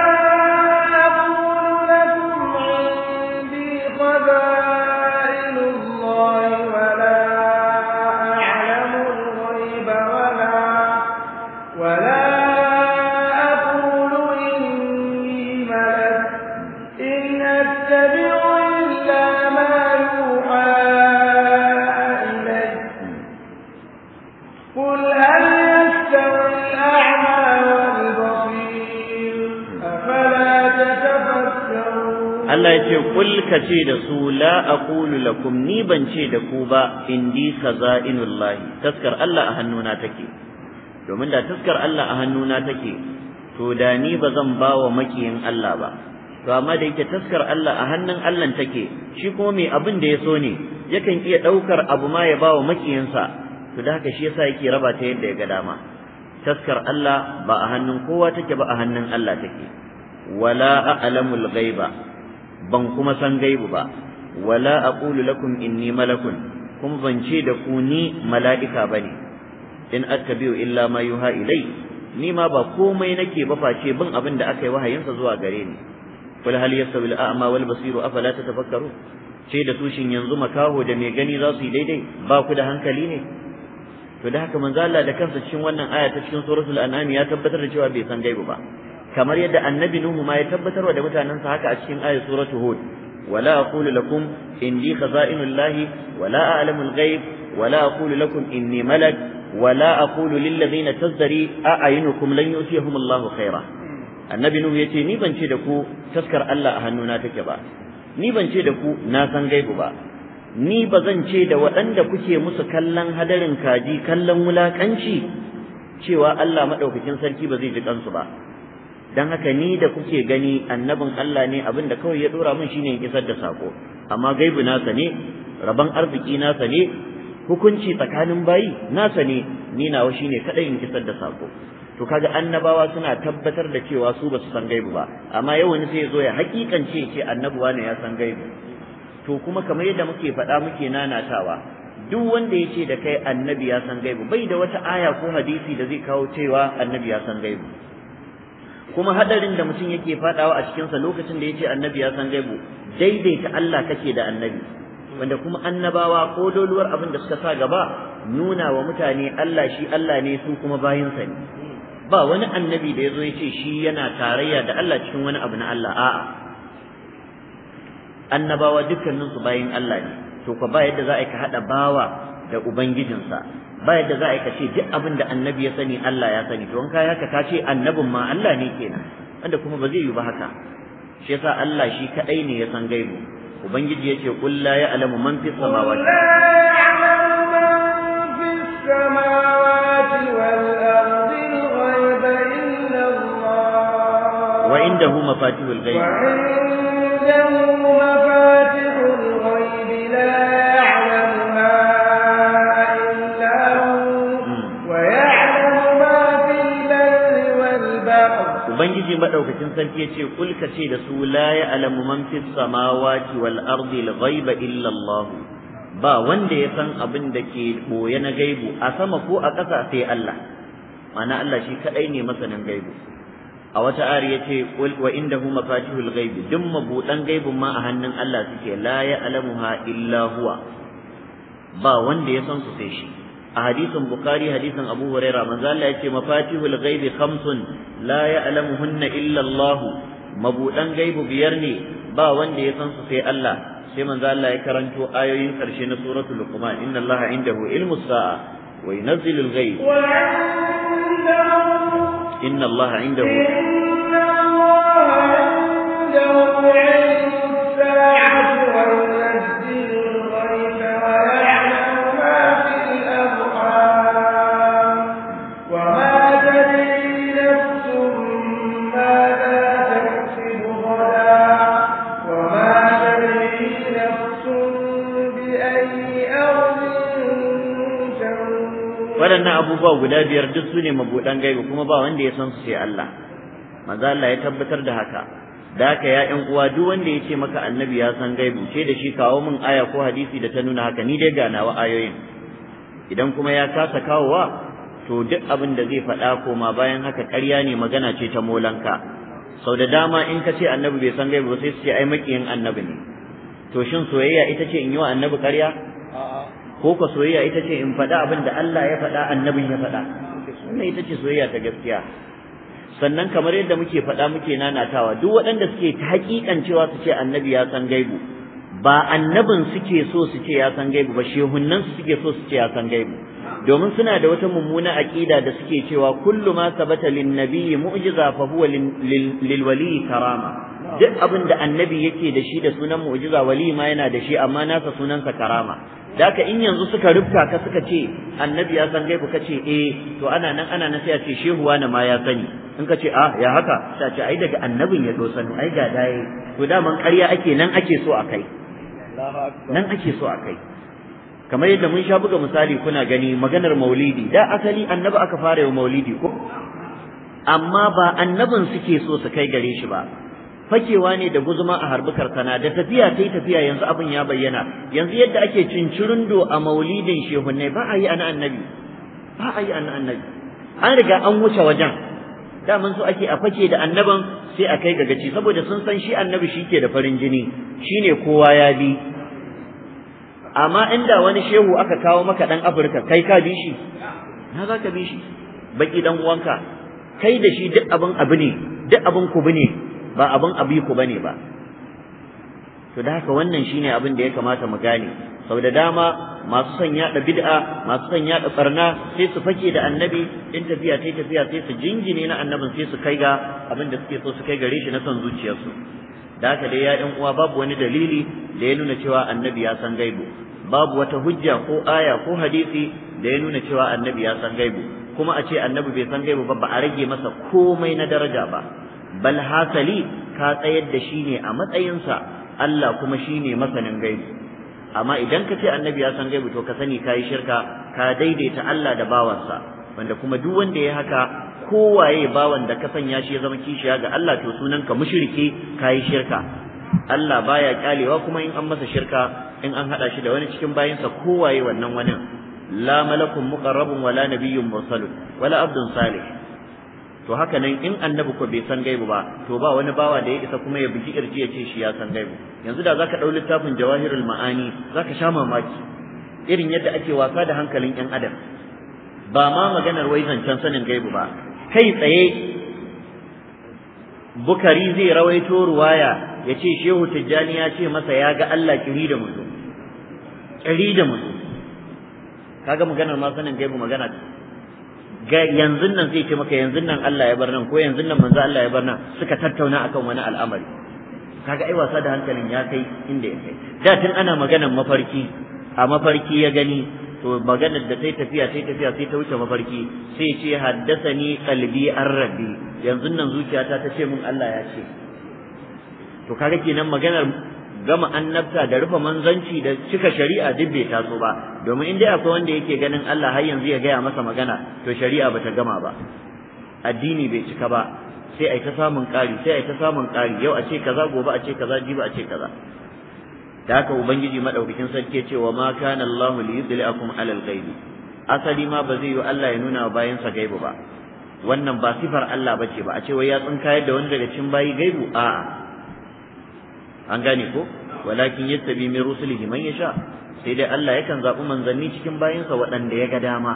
kulka ce da su la aqulu lakum ni ban ce da ku ba indi inullahi. taskar Allah a hannuna take domin da taskar Allah a hannuna take to da ni ba zan ba wa makiyin Allah ba to amma da yake taskar Allah a hannun Allah take shi kuma mai abin da ya so ne yakan iya ɗaukar abu ma ya ba wa makiyinsa to da haka shi yasa yake raba ta yadda ya ga dama taskar Allah ba a hannun kowa take ba a hannun Allah take wala a'lamul ghaiba ban kuma san gaibu ba wala aqulu lakum inni malakun kuma ban ce da ku ni mala'ika ne. in attabi'u illa ma yuha ilai ni ma ba komai nake ba face bin abin da aka yi wahayinsa zuwa gare ni kul hal yastawi al a'ma wal basiru afala tatafakkaru ce da tushin yanzu makaho da mai gani za su yi daidai ba ku da hankali ne to da haka manzo Allah da kansa cikin wannan aya ta cikin suratul an'am ya tabbatar da cewa bai san gaibu ba kamar yadda annabi nuhu ma ya tabbatarwa da mutanensa haka a cikin ayat suratu hud ولا أقول wala إني خزائن الله ولا أعلم الغيب ولا أقول لكم إني ملك ولا أقول للذين تزدري أعينكم لن يؤتيهم الله خيرا النبي نوح يتي ني بان دكو تذكر الله أهنونا تكبا ني بان دكو ناسا غيب ba, ni ba zan ce da waɗanda kuke musu kallon hadarin kaji kallon wulaƙanci cewa Allah maɗaukakin sarki ba zai ji kansu ba dan haka ni da kuke gani annabin Allah ne abin da kawai ya dora min shine in isar da sako amma gaibu sa ne rabon arziki sa ne hukunci tsakanin bayi nasa ne ni nawa shine kadai in isar da sako to kaga annabawa suna tabbatar da cewa su basu san gaibu ba amma yau wani sai ya zo ya hakikance ce annabuwa ne ya san gaibu to kuma kamar yadda muke faɗa muke nanatawa duk wanda ya ce da kai annabi ya san gaibu bai da wata aya ko hadisi da zai kawo cewa annabi ya san gaibu kuma hadarin da mutum yake fadawa a cikinsa lokacin da yace annabi ya san gaibu daidaita Allah kake da annabi wanda kuma annabawa ko doluwar abin da suka sa gaba nuna wa mutane Allah shi Allah ne su kuma bayinsa ne ba wani annabi da yazo yace shi yana tarayya da Allah cikin wani abu na Allah a'a annabawa dukkanin su bayin Allah ne to ko ba yadda za a ka hada bawa da ubangijinsa ba yadda za a ka ce duk abin da annabi ya sani Allah ya sani to in ka haka ka ce annabin ma Allah ne kenan wanda kuma ba zai yi ba haka shi yasa Allah shi kadai ne ya san gaibu ubangiji yace qul la ya'lamu man fis samawati wa indahu mafatihul ghaib ubangiji madaukakin sarki yace kul ka ce da su la ya'lamu man fis samawati wal ardi al ghaiba illa Allah ba wanda ya san abin da ke boye na gaibu a sama ko a ƙasa sai Allah mana Allah shi kadai ne masanin gaibu a wata ari yace qul wa indahu mafatihul ghaibi duk mabudan gaibin ma a hannun Allah suke la ya'lamuha illa huwa ba wanda ya san su sai shi a hadisin bukhari hadisin abu huraira manzo Allah yace mafatihul ghaibi khamsun la ya'lamuhunna illa Allah mabudan gaibu biyar ne ba wanda ya san su sai Allah sai manzo Allah ya karanto ayoyin karshe na suratul luqman inna Allah indahu ilmus sa'a wa yunazzilul ghaib inna Allah indahu inna Allah indahu ilmus sa'a waɗannan abubuwa guda biyar duk su ne mabuɗan gaibi kuma ba wanda ya san su sai Allah manzo Allah ya tabbatar da haka da haka ya ƴan uwa duk wanda ya ce maka annabi ya san gaibi ce da shi kawo min aya ko hadisi da ta nuna haka ni dai nawa ayoyin idan kuma ya kasa kawowa to duk abin da zai faɗa koma bayan haka ƙarya ne magana ce ta molanka sau da dama in ka ce annabi bai san gaibu sai su ce ai makiyin annabi ne to shin soyayya ita ce in yi wa annabi ƙarya ko ka soyayya ita ce in faɗa abin da Allah ya faɗa annabin ya faɗa wannan ita ce soyayya ta gaskiya sannan kamar yadda muke faɗa muke nanatawa duk waɗanda suke ta haƙiƙan cewa su ce annabi ya san gaibu ba annabin suke so su ce ya san gaibu ba shehunnan su suke so su ce ya san gaibu domin suna da wata mummuna aqida da suke cewa kullu ma sabata lin nabiyyi mu'jiza fa huwa lil wali karama duk abin da annabi yake da shi da sunan mu'jiza wali ma yana da shi amma nasa sunansa karama da in yanzu suka rubuta ka suka ce annabi ya san gaibu ka ce eh to ana nan ana nan sai a ce shehu wani ma ya sani in ka ce a ah, ya haka sai ce ai daga annabin ya do sani ai ga dai to man ƙarya ake nan ake so a kai nan ake so a kai kamar yadda mun sha buga misali kuna gani maganar maulidi da asali annabi aka fara yau maulidi ko amma ba annabin suke so su kai gare shi ba fakewa ne da guzuma a harbi karkana da tafiya ta yi tafiya yanzu abin ya bayyana yanzu yadda ake cincirindo a maulidin shehunnai ba a yi ana annabi ba a yi ana annabi an riga an wuce wajen daman su ake a fake da annaban sai a kai ga gaci. saboda sun san shi annabi shi ke da farin jini shine kowa ya bi amma inda wani shehu aka kawo maka dan afirka kai ka bi shi na za ka bi shi baki dan uwanka kai da shi duk abin abu ne duk abin ku ne ba abin ku bane ba to da haka wannan shine abin da ya kamata mu gane sau da dama masu son yaɗa bid'a masu son yaɗa barna sai su fake da annabi in tafiya tai tafiya sai su jingine na annabin sai su kai ga abin da suke so su kai gare shi na son zuciyarsu da haka dai ya ɗan uwa babu wani dalili da ya nuna cewa annabi ya san gaibu babu wata hujja ko aya ko hadisi da ya nuna cewa annabi ya san gaibu kuma a ce annabi bai san gaibu ba ba a rage masa komai na daraja ba bal hasali ka tsayar da shi ne a matsayinsa Allah kuma shi ne masanin gaibi amma idan ka ce annabi ya san gaibi to ka sani ka yi shirka ka daidaita Allah da bawansa wanda kuma duk wanda ya haka kowaye bawan da ka sanya shi ya zama kishiya ga Allah to sunanka ka ka yi shirka Allah baya kyalewa kuma in an masa shirka in an hada shi da wani cikin bayinsa kowaye wannan wani la malakun muqarrabun wala nabiyyun mursalun wala abdun salih to haka nan in annabi ko bai san gaibu ba to ba wani bawa da ya isa kuma ya bugi irji ya ce shi ya san gaibu yanzu da zaka dau littafin jawahirul ma'ani zaka sha mamaki irin yadda ake wasa da hankalin yan adam ba ma maganar wai zancan sanin gaibu ba kai tsaye bukari zai rawaito ruwaya ya ce shehu tijjani ya ce masa ya ga Allah kiri da mutum kiri da mutum kaga maganar ma sanin gaibu magana ga yanzu nan zai ce maka yanzu nan Allah ya bar nan ko yanzu nan manzo Allah ya bar nan suka tattauna akan wani al'amari kaga ai wasa da hankalin ya kai inda ya kai da tun ana maganar mafarki a mafarki ya gani to maganar da sai tafiya sai tafiya sai ta wuce mafarki sai ce haddasani qalbi an rabi. yanzu nan zuciyata ta ce min Allah ya ce to kaga kenan maganar gama annabta da rufe manzanci da cika shari'a duk bai taso ba domin in dai akwai wanda yake ganin Allah har yanzu ya gaya masa magana to shari'a bata gama ba addini bai cika ba sai a ta samun ƙari sai a ta samun ƙari yau a ce kaza gobe a ce kaza jibi a ce kaza da haka ubangiji madaukakin sarki ce wa ma kana Allahu li yudliakum alal ghaibi asali ma ba zai yi Allah ya nuna bayan sa gaibu ba wannan ba sifar Allah bace ba a ce wai ya tsinkayar da wani daga cikin bayi gaibu a'a an gane ko walakin yattabi min rusulihi man yasha sai dai Allah yakan zaɓi manzanni cikin bayinsa waɗanda ya ga dama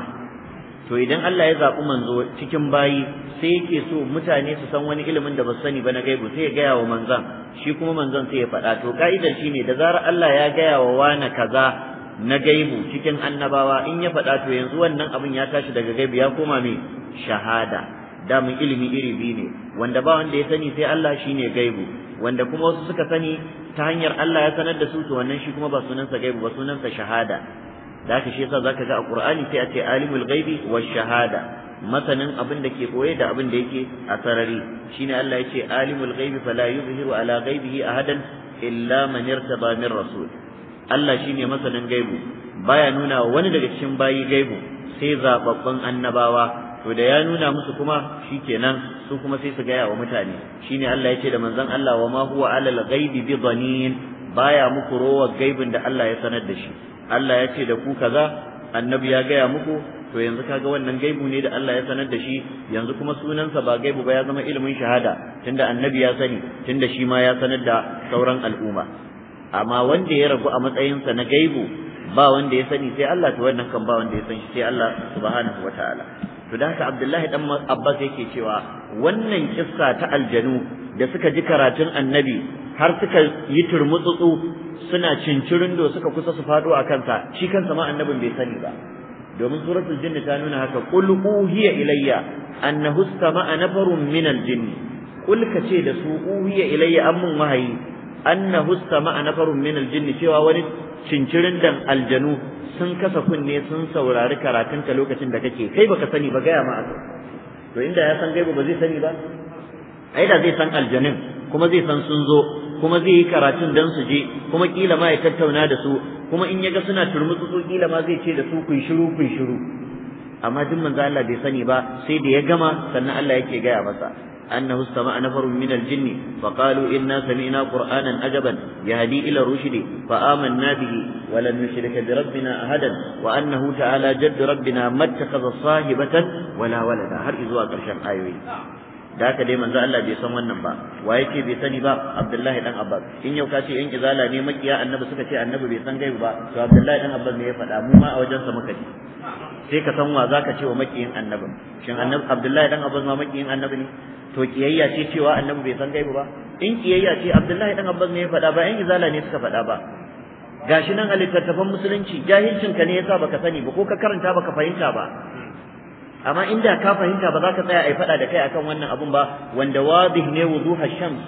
to idan Allah ya zaɓi manzo cikin bayi sai yake so mutane su san wani ilimin da ba su sani ba na gaibu sai ya gaya wa manzan shi kuma manzan sai ya faɗa to ka'idar shine da zarar Allah ya gaya wa wani kaza na gaibu cikin annabawa in ya faɗa to yanzu wannan abin ya tashi daga gaibu ya koma mai shahada Da mun ilimi iri biyu ne wanda ba wanda ya sani sai Allah shine gaibu wanda kuma wasu suka sani ta hanyar Allah ya sanar da su to wannan shi kuma ba sunansa gaibi ba sunansa shahada da haka shi yasa zaka ga a Qur'ani sai a ce alimul ghaibi wash shahada masanin abin da ke koye da abin da yake a sarari shine Allah ya ce alimul ghaibi fala yuzhiru ala ghaibihi ahadan illa man irtaba min rasul Allah shine masanin gaibu baya nuna wa wani daga cikin bayi gaibu sai zababban annabawa to da ya nuna musu kuma shikenan su kuma sai su gaya wa mutane shine Allah ya ce da manzon Allah wa ma huwa alal ghaibi bi dhanin baya muku rowa gaibin da Allah ya sanar da shi Allah ya ce da ku kaza annabi ya gaya muku to yanzu kaga wannan gaibu ne da Allah ya sanar da shi yanzu kuma sunansa ba gaibu ba ya zama ilimin shahada tunda annabi ya sani tunda shi ma ya sanar da sauran al'umma amma wanda ya ragu a matsayinsa na gaibu ba wanda ya sani sai Allah to wannan kan ba wanda ya san shi sai Allah subhanahu wataala to dan haka Abdullahi dan Abbas yake cewa wannan kissa ta aljanu da suka ji karatun annabi har suka yi turmutsutsu suna cincirin do suka kusa su fado a kansa shi kansa ma annabin bai sani ba domin suratul jinni ta nuna haka qul uhiya ilayya annahu sama'a nafarun minal jinni qul ce da su uhiya ilayya ammun wahayi annahu sama'a nafarun minal jinni cewa wani cincirin dan aljanu sun kasa kunne sun saurari karatunka lokacin da kake kai baka sani ba gaya ma to inda ya san gaibu ba zai sani ba ai da zai san aljanin kuma zai san sun zo kuma zai yi karatun dan su je kuma kila ma ya tattauna da su kuma in ya ga suna turmutsu su kila ma zai ce da su kun shiru kun shiru amma duk manzo Allah bai sani ba sai da ya gama sannan Allah yake gaya masa أنه استمع نفر من الجن فقالوا إنا سمعنا قرآنا عجبا يهدي إلى الرشد فآمنا به ولن نشرك بربنا أحدا وأنه تعالى جد ربنا ما اتخذ صاحبة ولا ولدا هر إذوا قرشان آيوي da haka dai manzo Allah bai san wannan ba wa yake bai sani ba Abdullahi dan Abbas in yau ka ce in kizala ne makiya annabi suka ce annabi bai san gaibu ba to Abdullahi dan Abbas mai ya faɗa mu ma a wajen sa muka sai ka san wa zaka ce wa makiyin annabin shin annabi Abdullahi dan Abbas ma makiyin annabi ne to kiyayya ce cewa annabi bai san gaibu ba in kiyayya ce Abdullahi dan Abbas ne ya faɗa ba in izala ne suka faɗa ba gashi nan a littattafan musulunci jahilcin ka ne yasa baka sani ba ko ka karanta baka fahimta ba amma inda ka fahimta ba za ka tsaya yi faɗa da kai akan wannan abun ba wanda wadih ne wuduha shams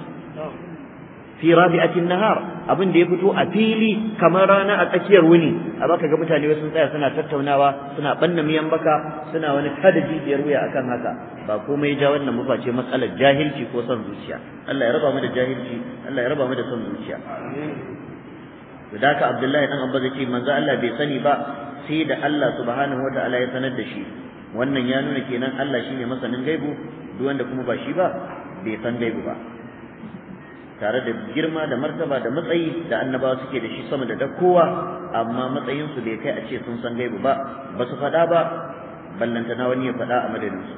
fi rabi'atin nahar abin da ya fito a fili kamar rana a tsakiyar wuni a baka ga mutane wasu tsaya suna tattaunawa suna banna miyan baka suna wani kada jijiyar wuya akan haka ba komai ja wannan mu face matsalar jahilci ko son zuciya Allah ya raba mu da jahilci Allah ya raba mu da son zuciya da Abdullahi dan Abba zai ce manzo Allah bai sani ba sai da Allah subhanahu ta'ala ya sanar da shi wannan ya nuna kenan Allah shine masanin gaibu duk wanda kuma ba shi ba bai san gaibu ba tare da girma da martaba da matsayi da annabawa suke da shi sama da dakkowa, amma matsayinsu bai kai a ce sun san gaibu ba ba su faɗa ba na wani ya faɗa a madadinsu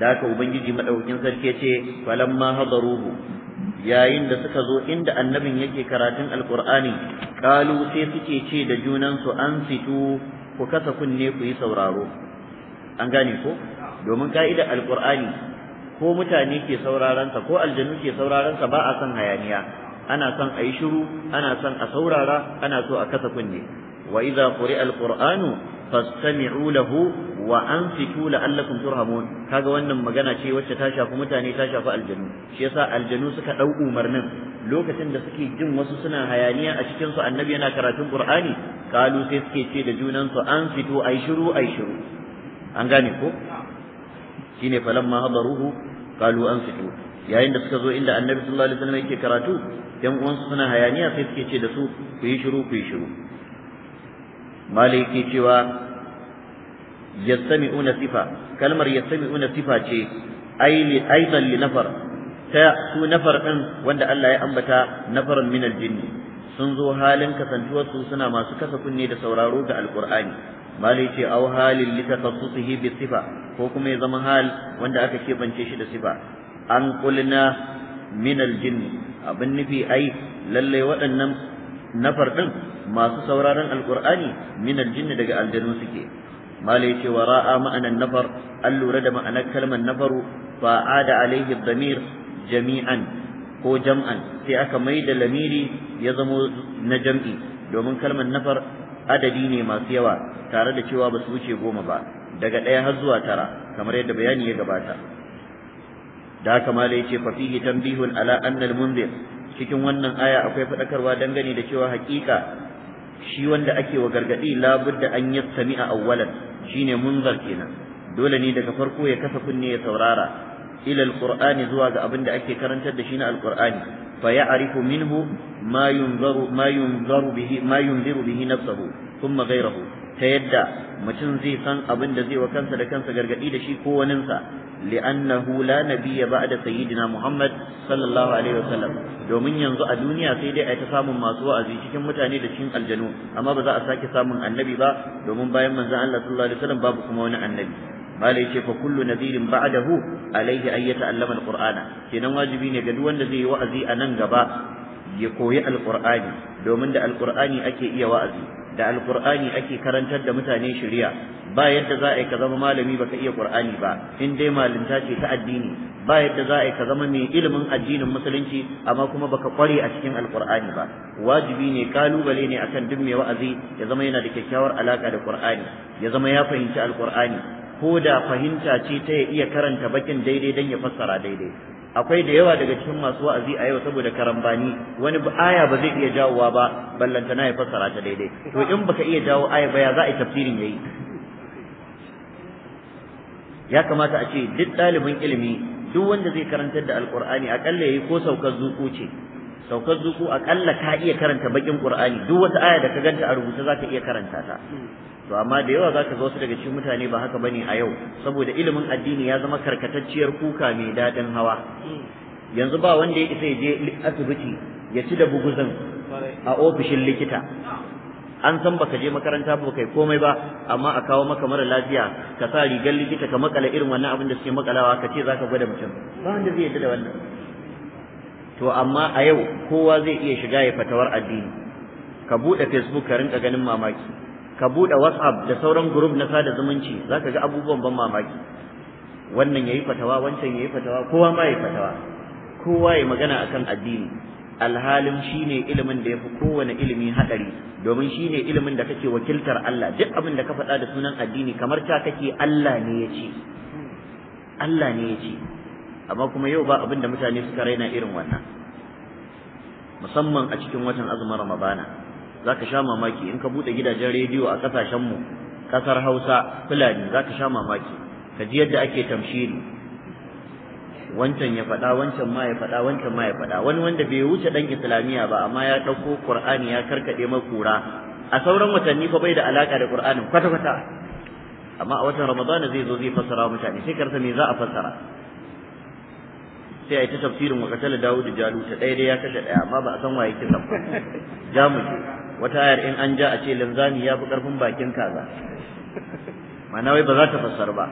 da haka ubangiji maɗaukin sarki ce falamma hadaruhu yayin da suka zo inda annabin yake karatun alqur'ani qalu sai suke ce da junansu an fitu ku kasa kunne ku yi sauraro an gane ko domin ka'idar alqur'ani ko mutane ke sauraron ka, ko aljanu ke sauraron ka, ba a son hayaniya ana son a yi shiru ana son a saurara ana so a kasa kunne wa idza quri'a alqur'anu fastami'u lahu wa anfitu la'allakum turhamun kaga wannan magana ce wacce ta shafi mutane ta shafi aljanu shi yasa aljanu suka dau umarnin lokacin da suke jin wasu suna hayaniya a cikin su annabi yana karatun qur'ani kalu sai suke ce da junan su anfitu "Ai shiru ai shiru an gane ko shine falamma hadaruhu qalu ansitu yayin da suka zo inda annabi sallallahu alaihi wasallam yake karatu yan uwansu suna hayaniya sai suke ce da su ku yi shiru ku yi shiru maliki cewa yastami'una sifa kalmar yastami'una sifa ce aili aidan li nafar ta su nafar din wanda Allah ya ambata nafaran min aljinni sun zo halin kasantuwar su suna masu kasa kunne da sauraro ga alqur'ani malai ce au halin litakassusihi bi sifa ko kuma ya zama hal wanda aka keɓance shi da sifa an kulna min aljinni abin nufi ai lalle waɗannan nafar ɗin masu sauraron alƙur'ani min aljinni daga aljanu suke malai ce wa ra'a ma'anan nafar an lura da ma'anar kalmar nafaru da alaihi damir jami'an ko jam'an sai aka mai da lamiri ya zamo na jam'i domin kalmar nafar adadi ne masu yawa tare da cewa ba su wuce goma ba daga ɗaya har zuwa tara kamar yadda bayani ya gabata da haka mala ce fa fihi tanbihun ala anna munzir cikin wannan aya akwai faɗakarwa dangane da cewa haƙiƙa shi wanda ake wa gargadi labudda an a awwalan shine munzar kenan dole ne daga farko ya kasa kunne ya saurara ila alqur'ani zuwa ga abin da ake karantar da shi na alqur'ani فيعرف منه ما ينظر ما ينظر به ما ينذر به نفسه ثم غيره تيدا متن زي سان ابن زي وكان سدا كان غرغدي دشي كو وننسا لانه لا نبي بعد سيدنا محمد صلى الله عليه وسلم domin yanzu a duniya sai dai a ta samun masu wa'azi cikin mutane da cikin aljanu amma ba za a sake samun annabi ba domin bayan manzon Allah sallallahu alaihi wasallam babu kuma wani annabi bale ce fa kullu nadirin ba'dahu alayhi ayyata yata'allama alqur'ana kenan wajibi ne ga duk wanda zai yi wa'azi a nan gaba ya koyi alqur'ani domin da alqur'ani ake iya wa'azi da alqur'ani ake karantar da mutane shari'a ba yadda za a yi ka zama malami baka iya qur'ani ba in dai malinta ce ta addini ba yadda za a yi ka zama mai ilimin addinin musulunci amma kuma baka kware a cikin alqur'ani ba wajibi ne kalubale ne akan duk mai wa'azi ya zama yana da kyakkyawar alaka da qur'ani ya zama ya fahimci alqur'ani ko da fahimta ce ta ya iya karanta bakin daidai don ya fassara daidai akwai da yawa daga cikin masu wa'azi a yau saboda karambani wani aya ba zai iya jawowa ba ballanta na ya fassara ta daidai to in baka iya jawo aya ba ya za a yi tafsirin yayi ya kamata a ce duk ɗalibin ilimi duk wanda zai karantar da alƙur'ani aƙalla yi ko saukar zuku ce saukar zuku aƙalla ka iya karanta bakin ƙur'ani duk wata aya da ka ganta a rubuta za ka iya karanta ta to amma da yawa zaka ga wasu daga cikin mutane ba haka bane a yau saboda ilimin addini ya zama karkatacciyar kuka mai dadin hawa yanzu ba wanda ya isa je asibiti ya ci da buguzin a ofishin likita an san baka je makaranta ba kai komai ba amma a kawo maka mara lafiya ka sa rigar likita ka makala irin wannan abin da suke makalawa ka ce zaka gwada mutum ba wanda zai yadda da wannan to amma a yau kowa zai iya shiga ya fatawar addini ka buɗe facebook ka rinka ganin mamaki ka buɗe whatsapp da sauran group na sada zumunci za ka ga abubuwan ban mamaki wannan ya yi fatawa wancan ya yi fatawa kowa ma ya fatawa kowa ya magana akan addini alhalin shine ilimin da yafi kowane ilimi hadari domin shine ilimin da kake wakiltar Allah duk abin da ka faɗa da sunan addini kamar ta kake Allah ne ya ce Allah ne ya ce amma kuma yau ba abin da mutane suka raina irin wannan musamman a cikin watan azumin Ramadana zaka sha mamaki in ka bude gidajen rediyo a kasashen mu kasar Hausa Fulani zaka sha mamaki ka ji yadda ake tamshiri wancan ya faɗa wancan ma ya faɗa wancan ma ya faɗa wani wanda bai wuce dan islamiya ba amma ya ɗauko Qur'ani ya karkade makura a sauran watanni fa bai da alaka da Qur'anin kwata kwata amma a watan Ramadana zai zo zai fassara mutane sai karsa me za a fassara sai a yi ta tafsirin wa katala jalu ta ɗaya dai ya kashe ɗaya amma ba a san waye kisan ba jamu wata ayar in an ja a ce linzami ya fi ƙarfin bakin kaza ma'ana wai ba za ta fassar ba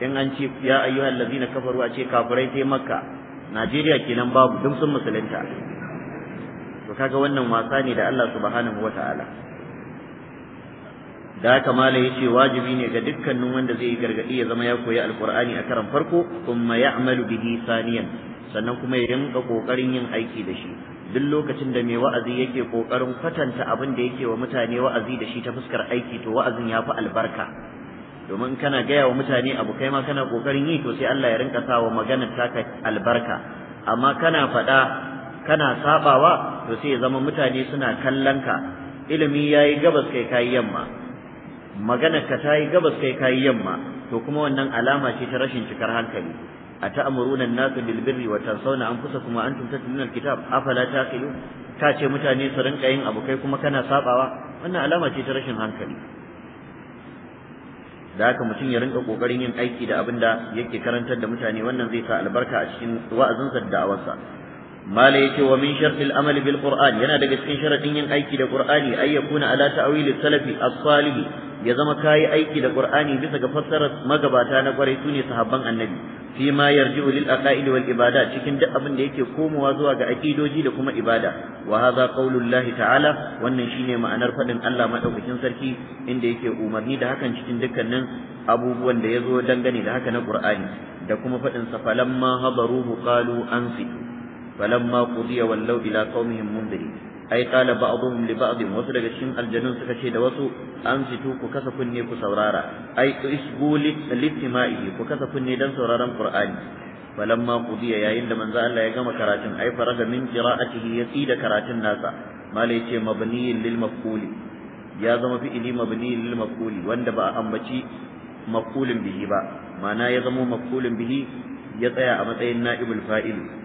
in an ce ya ayyuhu ladina kafaru a ce kafirai sai makka najeriya kenan babu duk sun musulunta to kaga wannan wasa ne da Allah subhanahu wata'ala da haka mala yace wajibi ne ga dukkanin wanda zai yi gargadi ya zama ya koyi alqur'ani a karan farko kuma amalu bihi saniyan sannan kuma ya rinka kokarin yin aiki da shi duk lokacin da mai wa'azi yake kokarin kwatanta abin da yake wa mutane wa'azi da shi ta fuskar aiki to wa'azin ya fi albarka domin kana gaya wa mutane abu kai ma kana kokarin yi to sai Allah ya rinka sa wa maganar taka albarka amma kana faɗa kana sabawa to sai ya zama mutane suna kallon ka ilimi yayi gabas kai kayi yamma maganar ka tayi gabas kai kayi yamma to kuma wannan alama ce ta rashin cikar hankali A ta'amurunan Nasiru da Lubiri wa Tansauniya, an kusa kuma an tuntun tunanin Afala ta ce mutane su rinƙa yin abu kai, kuma kana na sabawa wannan alama ce ta rashin hankali. Da haka mutum ya rinka kokarin yin aiki da abin da karantar da mutane, wannan zai sa albarka a cikin wa'azinsa da a wasa. Malam ya ce wa muni sharafin amalin bil'an, yana daga cikin sharafin yin aiki da Kur'ani, ayyukuna, alatu, awili, salafi, asaluhu. ya zama kayi aiki da qur'ani bisa ga fassarar magabata na kwarai sune sahabban annabi fi ma yarji'u lil aqaid wal ibada cikin duk abin da yake komowa zuwa ga akidoji da kuma ibada wa hadha ta'ala wannan shine ma'anar fadin Allah madaukakin sarki inda yake umarni da hakan cikin dukkanin abubuwan da yazo dangane da haka na qur'ani da kuma fadin sa falamma hadaruhu qalu ansitu falamma qudiya wallau ila qaumihim mundiri ai qala ba'dhum li ba'd wasu daga cikin aljanun suka ce da wasu amsitu ku kasa kunne ku saurara ai isbu litima'i ku kasa kunne dan sauraron qur'ani falamma qudiya yayin da manzo Allah ya gama karatun ai faraga min qira'atihi ya tsida karatun nasa mala yace mabniyin lil maf'uli ya zama fi'ili mabniyin lil maf'uli wanda ba a ambaci maf'ulin bihi ba ma'ana ya zama maf'ulin bihi ya tsaya a matsayin na'ibul fa'il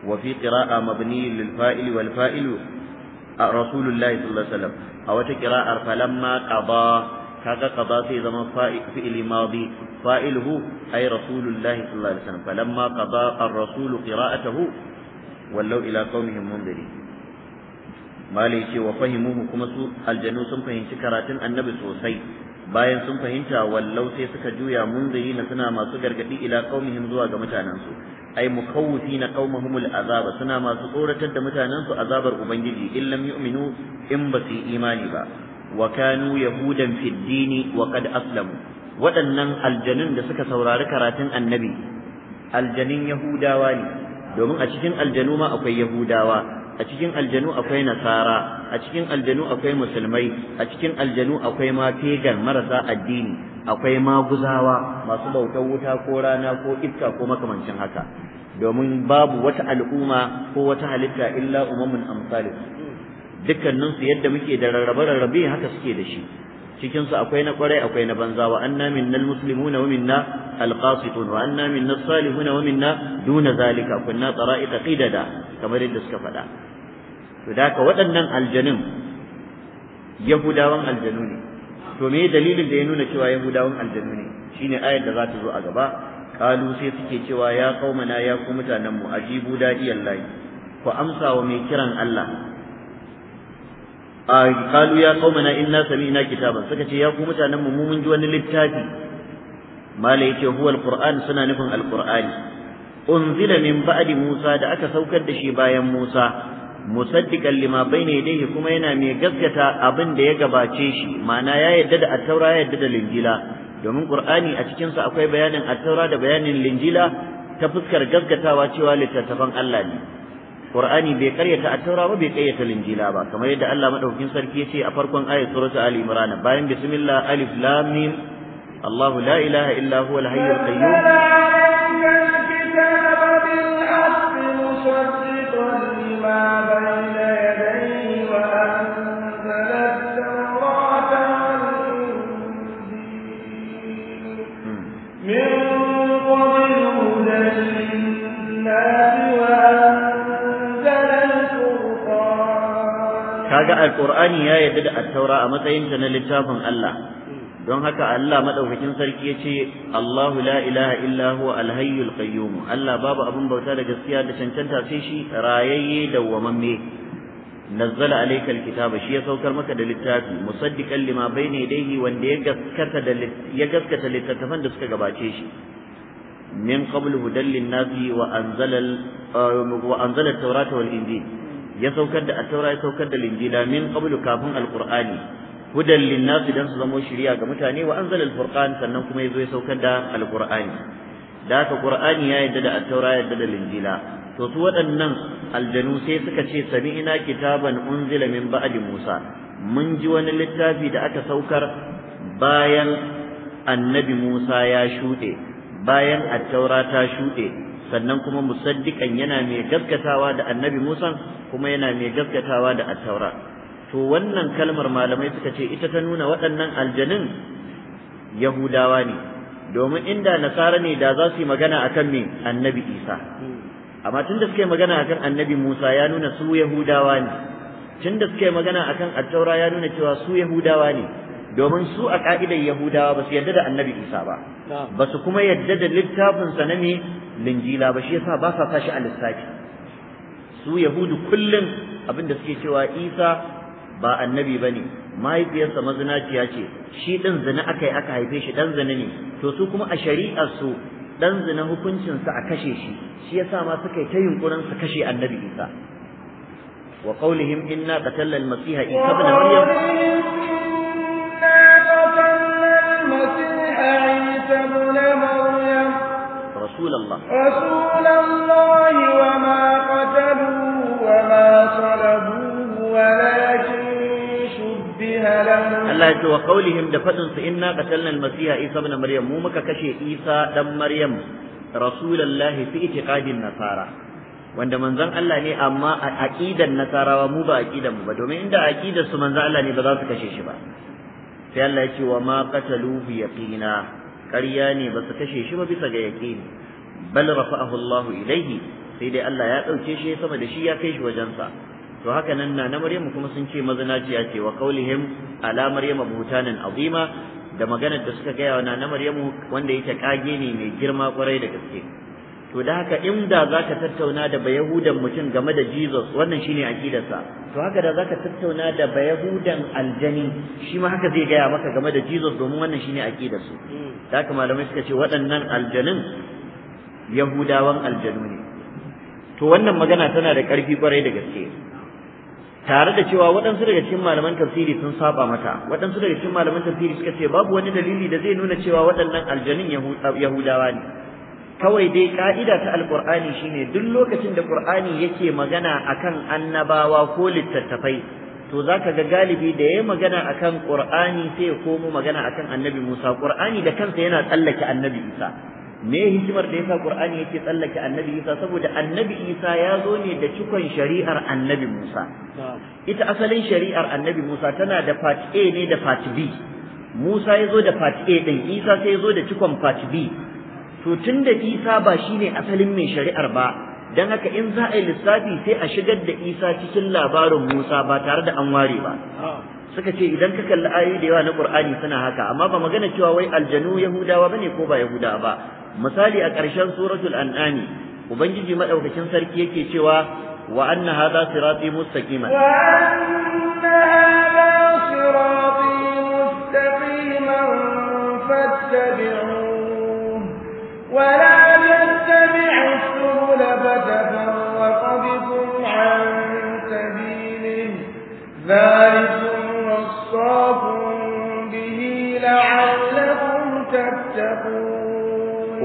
وفي قراءة مبني للفائل والفائل آه، رسول الله صلى الله عليه وسلم أو تكراء فلما قضى كذا قضى في زمن فائل ماضي فائله أي رسول الله صلى الله عليه وسلم فلما قضى الرسول قراءته ولوا إلى قومهم منذرين ما ليش وفهموه كما سوء الجنو سنفه انتكرات النبي سوسي باين سنفه انتا ولو سيسك جويا منذرين سنا ما سكر إلى قومهم زوا كما تعنى سوء أي مخوفين قومهم الأذاب سنا ما سطورة دمتانا فأذاب إن لم يؤمنوا إن بسي إيماني با وكانوا يهودا في الدين وقد أسلموا ودنن الجنن دسك سورار كرات النبي الجنن يهودا والي دوم أشجن الجنو ما أكي يهودا أشجن الجنو أكي نصارى أشجن الجنو أكي مسلمي أشجن الجنو أكي ما تيجن مرضى الديني akwai maguzawa masu bautar wuta ko rana ko ifta ko makamancin haka domin babu wata al'umma ko wata halitta illa umamun amsalin dukkanin su yadda muke da rarrabe rarrabe haka suke da shi cikin su akwai na kwarai akwai na banza wa anna minnal muslimuna wa minna alqasitun wa anna minnas salihuna wa minna duna zalika kunna tara'iqa qidada kamar yadda suka faɗa to da waɗannan aljanun. yahudawan aljanu ne to me dalilin da ya nuna cewa yahudawan aljannu ne shine ayar da za ta zo a gaba kalu sai suke cewa ya qaumana ya ku mutanen mu ajibu da'iyallahi ku amsa wa mai kiran Allah kalu ya qaumana inna sami'na kitaban suka ce ya ku mutanen mu mun ji wani littafi mala yace huwa alquran suna nufin alqur'ani unzila min ba'di musa da aka saukar da shi bayan musa musaddiqan lima bayna yadayhi kuma yana mai gaskata abin da ya gabace shi ma'ana ya yadda da at-taura ya yadda da linjila domin qur'ani a cikin sa akwai bayanin at-taura da bayanin linjila ta fuskar gaskatawa cewa littattafan Allah ne qur'ani bai karyata at-taura ba bai karyata linjila ba kamar yadda Allah madaukakin sarki ya ce a farkon ayat surata ali imran bayan bismillah alif lam mim الله لا إله إلا هو الحي القيوم ga Alƙur'ani ya yadda da Attaura a matsayinta na littafin Allah. don haka Allah madaukakin sarki ya ce Allahu la ilaha illa huwa alhayyul qayyum Allah babu abin bauta da gaskiya da cancanta sai shi rayayye dawwamamme nazzala alaykal kitaba shi ya saukar maka da littafi musaddiqan lima bayna yadayhi wanda ya gaskata da ya gaskata littattafan da suka gabace shi min qablu hudan linnasi wa anzala uh, wa anzala at wal injil ya saukar da at-taura ya saukar da linjila min qablu kafin al-qur'ani hudan linnasi dan su zamo shiriya ga mutane wa anzala alfurqan sannan kuma yazo ya saukar da alqur'ani da haka qur'ani ya yadda da at-taura yadda da linjila to su waɗannan aljanu sai suka ce sami'ina kitaban unzila min ba'di musa mun ji wani littafi da aka saukar bayan annabi musa ya shuɗe bayan at-taura ta shuɗe sannan kuma musaddiqan yana mai gaskatawa da annabi Musa kuma yana mai gaskatawa da at to wannan kalmar malamai suka ce ita ta nuna waɗannan aljanin yahudawa ne domin inda nasara ne da za su yi magana akan me annabi isa amma tunda suka yi magana akan annabi musa ya nuna su yahudawa ne tunda suka yi magana akan attaura ya nuna cewa su yahudawa ne domin su a ka'idar yahudawa ba su yarda da annabi isa ba ba su kuma yarda da littafinsa na me linjila ba shi yasa ba sa shi a lissafi su yahudu kullum abinda suke cewa isa ba annabi ba ne, mahaifiyarsa mazinaciya ce shi ɗin zina aka yi aka haife shi ɗan zina ne to su kuma a shari'ar su ɗan zina hukuncin a kashe shi shi yasa ma suka yi ta yunkurin su kashe annabi Isa wa qawlihim inna qatalna al-masih Isa ibn Maryam رسول الله رسول الله وما قتلوه وما صلبوه ولكن Allah ya ce wa qaulihim da fadin su inna qatalna al-masiha Isa ibn Maryam mu muka kashe Isa dan Maryam rasulullahi fi itiqadin nasara wanda manzon Allah ne amma a aqidan nasarawa mu ba aqidan mu ba domin inda aqidar su manzon Allah ne ba za su kashe shi ba sai Allah ya ce wa ma qataluhu yaqina ƙarya ne ba su kashe shi ba bisa ga yaqini bal rafa'ahu Allah ilayhi sai dai Allah ya dauke shi sama da shi ya kai shi wajensa to haka nan na Maryamu kuma sun ce mazinaciya ce wa qaulihim ala Maryam buhtanan azima da maganar da suka gaya wa na Maryamu wanda yake kage ne mai girma kwarai da gaske to da haka inda zaka tattauna da bayahudan mutum game da Jesus wannan shine aƙidarsa, to haka da zaka tattauna da bayahudan aljani shi ma haka zai gaya maka game da Jesus domin wannan shine aƙidarsu. da haka malamai suka ce waɗannan aljanin yahudawan aljanu ne to wannan magana tana da ƙarfi kwarai da gaske tare da cewa waɗansu daga cikin malaman tafsiri sun saba mata waɗansu daga cikin malaman tafsiri suka ce babu wani dalili da zai nuna cewa waɗannan aljanin yahudawa ne kawai dai ka'ida ta alqur'ani shine duk lokacin da qur'ani yake magana akan annabawa ko littattafai to zaka ga galibi da yayi magana akan qur'ani sai ya komo magana akan annabi Musa qur'ani da kansa yana tsallake annabi Isa me hikimar da yasa qur'ani yake tsallake annabi isa saboda annabi isa ya zo ne da cikon shari'ar annabi musa ita asalin shari'ar annabi musa tana da part a ne da part b musa ya zo da part a din isa sai ya zo da cikon part b to tunda isa ba shine asalin mai shari'ar ba dan haka in za a yi lissafi sai a shigar da isa cikin labarin musa ba tare da an ware ba suka ce idan ka kalli ayoyi da yawa na qur'ani suna haka amma ba magana cewa wai aljanu yahudawa bane ko ba yahudawa ba misali a ƙarshen suratul an'ami ubangiji madaukakin sarki yake cewa wa anna hadha sirati mustaqiman wa anna hadha sirati mustaqiman fattabi'uhu wa la tattabi'u subula fatafarraqa bikum 'an sabilihi dhalikum wasaqukum bihi la'allakum tattaqun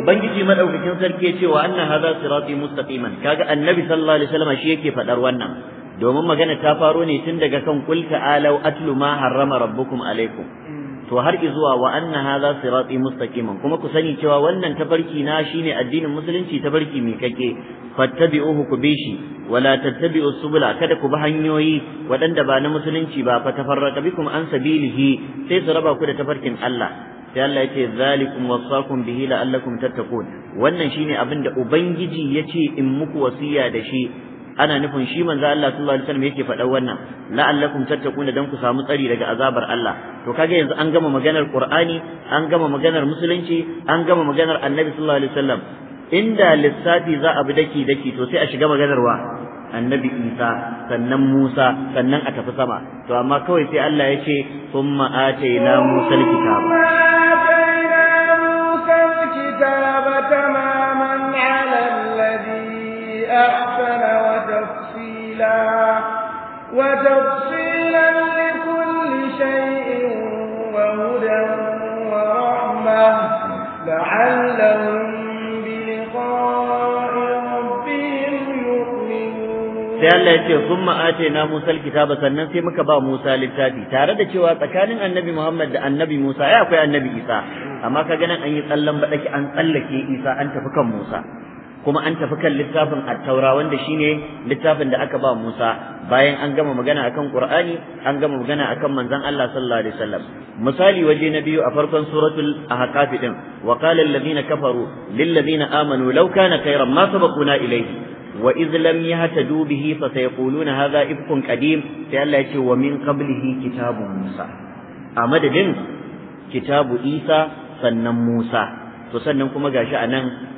ubangiji madaukakin sarki ya ce wa anna hadha sirati mustaqiman kaga annabi sallallahu alaihi wasallam shi yake fadar wannan domin magana ta faro ne tun daga kan qul ta'alu atlu ma harrama rabbukum alaikum to har zuwa wa anna hadha sirati mustaqiman kuma ku sani cewa wannan tafarki na shine addinin musulunci tafarki mai kake fattabi'uhu ku bi shi wala tattabi'u subula kada ku bi hanyoyi waɗanda ba na musulunci ba fa tafarraqa bikum an sabilihi sai su raba ku da tafarkin Allah sai Allah yace zalikum wasaqum bihi la'allakum tattaqun wannan shine abin da ubangiji yace in muku wasiya da shi ana nufin shi manzo Allah sallallahu alaihi wasallam yake faɗa wannan la'allakum tattaquna dan ku samu tsari daga azabar Allah to kaga yanzu an gama maganar Qur'ani an gama maganar musulunci an gama maganar Annabi sallallahu alaihi wasallam inda lissafi za a bi daki daki to sai a shiga maganarwa annabi isa sannan musa sannan a tafi sama to amma kawai sai allah ya ce summa na musa kitaba. أحسن وتفصيلا وتفصيلا لكل شيء وهدى ورحمة لعلهم بلقاء ربهم يؤمنون sai Allah ya ce summa atayna Musa alkitaba sannan sai muka ba Musa littafi tare da cewa tsakanin Annabi Muhammad da Annabi Musa ya akwai Annabi Isa amma ka nan an yi tsallan baɗaki an tsallake Isa an tafi kan Musa kuma an tafi kan littafin attaura taura wanda shine littafin da aka ba Musa bayan an gama magana akan Qur'ani an gama magana akan manzon Allah sallallahu alaihi wasallam misali waje na biyu a farkon suratul ahqaf din wa qala alladhina kafaru lil ladina amanu law kana khayran ma sabaquna ilayhi wa idh lam yahtadu bihi fa sayquluna hadha ifkun qadim sai Allah ya ce wa min qablihi kitabu Musa a madadin kitabu Isa sannan Musa to sannan kuma gashi anan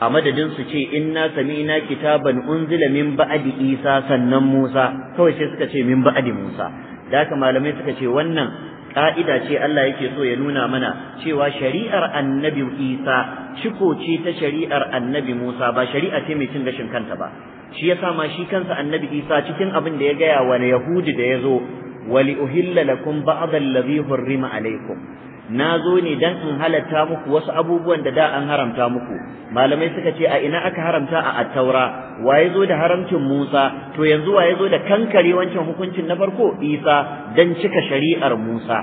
a madadin su ce inna sami'na kitaban unzila min ba'di isa sannan musa kawai sai suka ce min ba'di musa da haka malamai suka ce wannan ka'ida ce Allah yake so ya nuna mana cewa shari'ar annabi isa ciko ce ta shari'ar annabi musa ba shari'a ce mai cin gashin kanta ba shi yasa ma shi kansa annabi isa cikin abin da ya gaya wa yahudi da ya zo wali uhilla lakum ba'd allazi hurrima alaikum na zo ne dan in halatta muku wasu abubuwan da da an haramta muku malamai suka ce a ina aka haramta a attaura waye zo da haramcin Musa to yanzu waye zo da kankare wancan hukuncin na farko Isa dan cika shari'ar Musa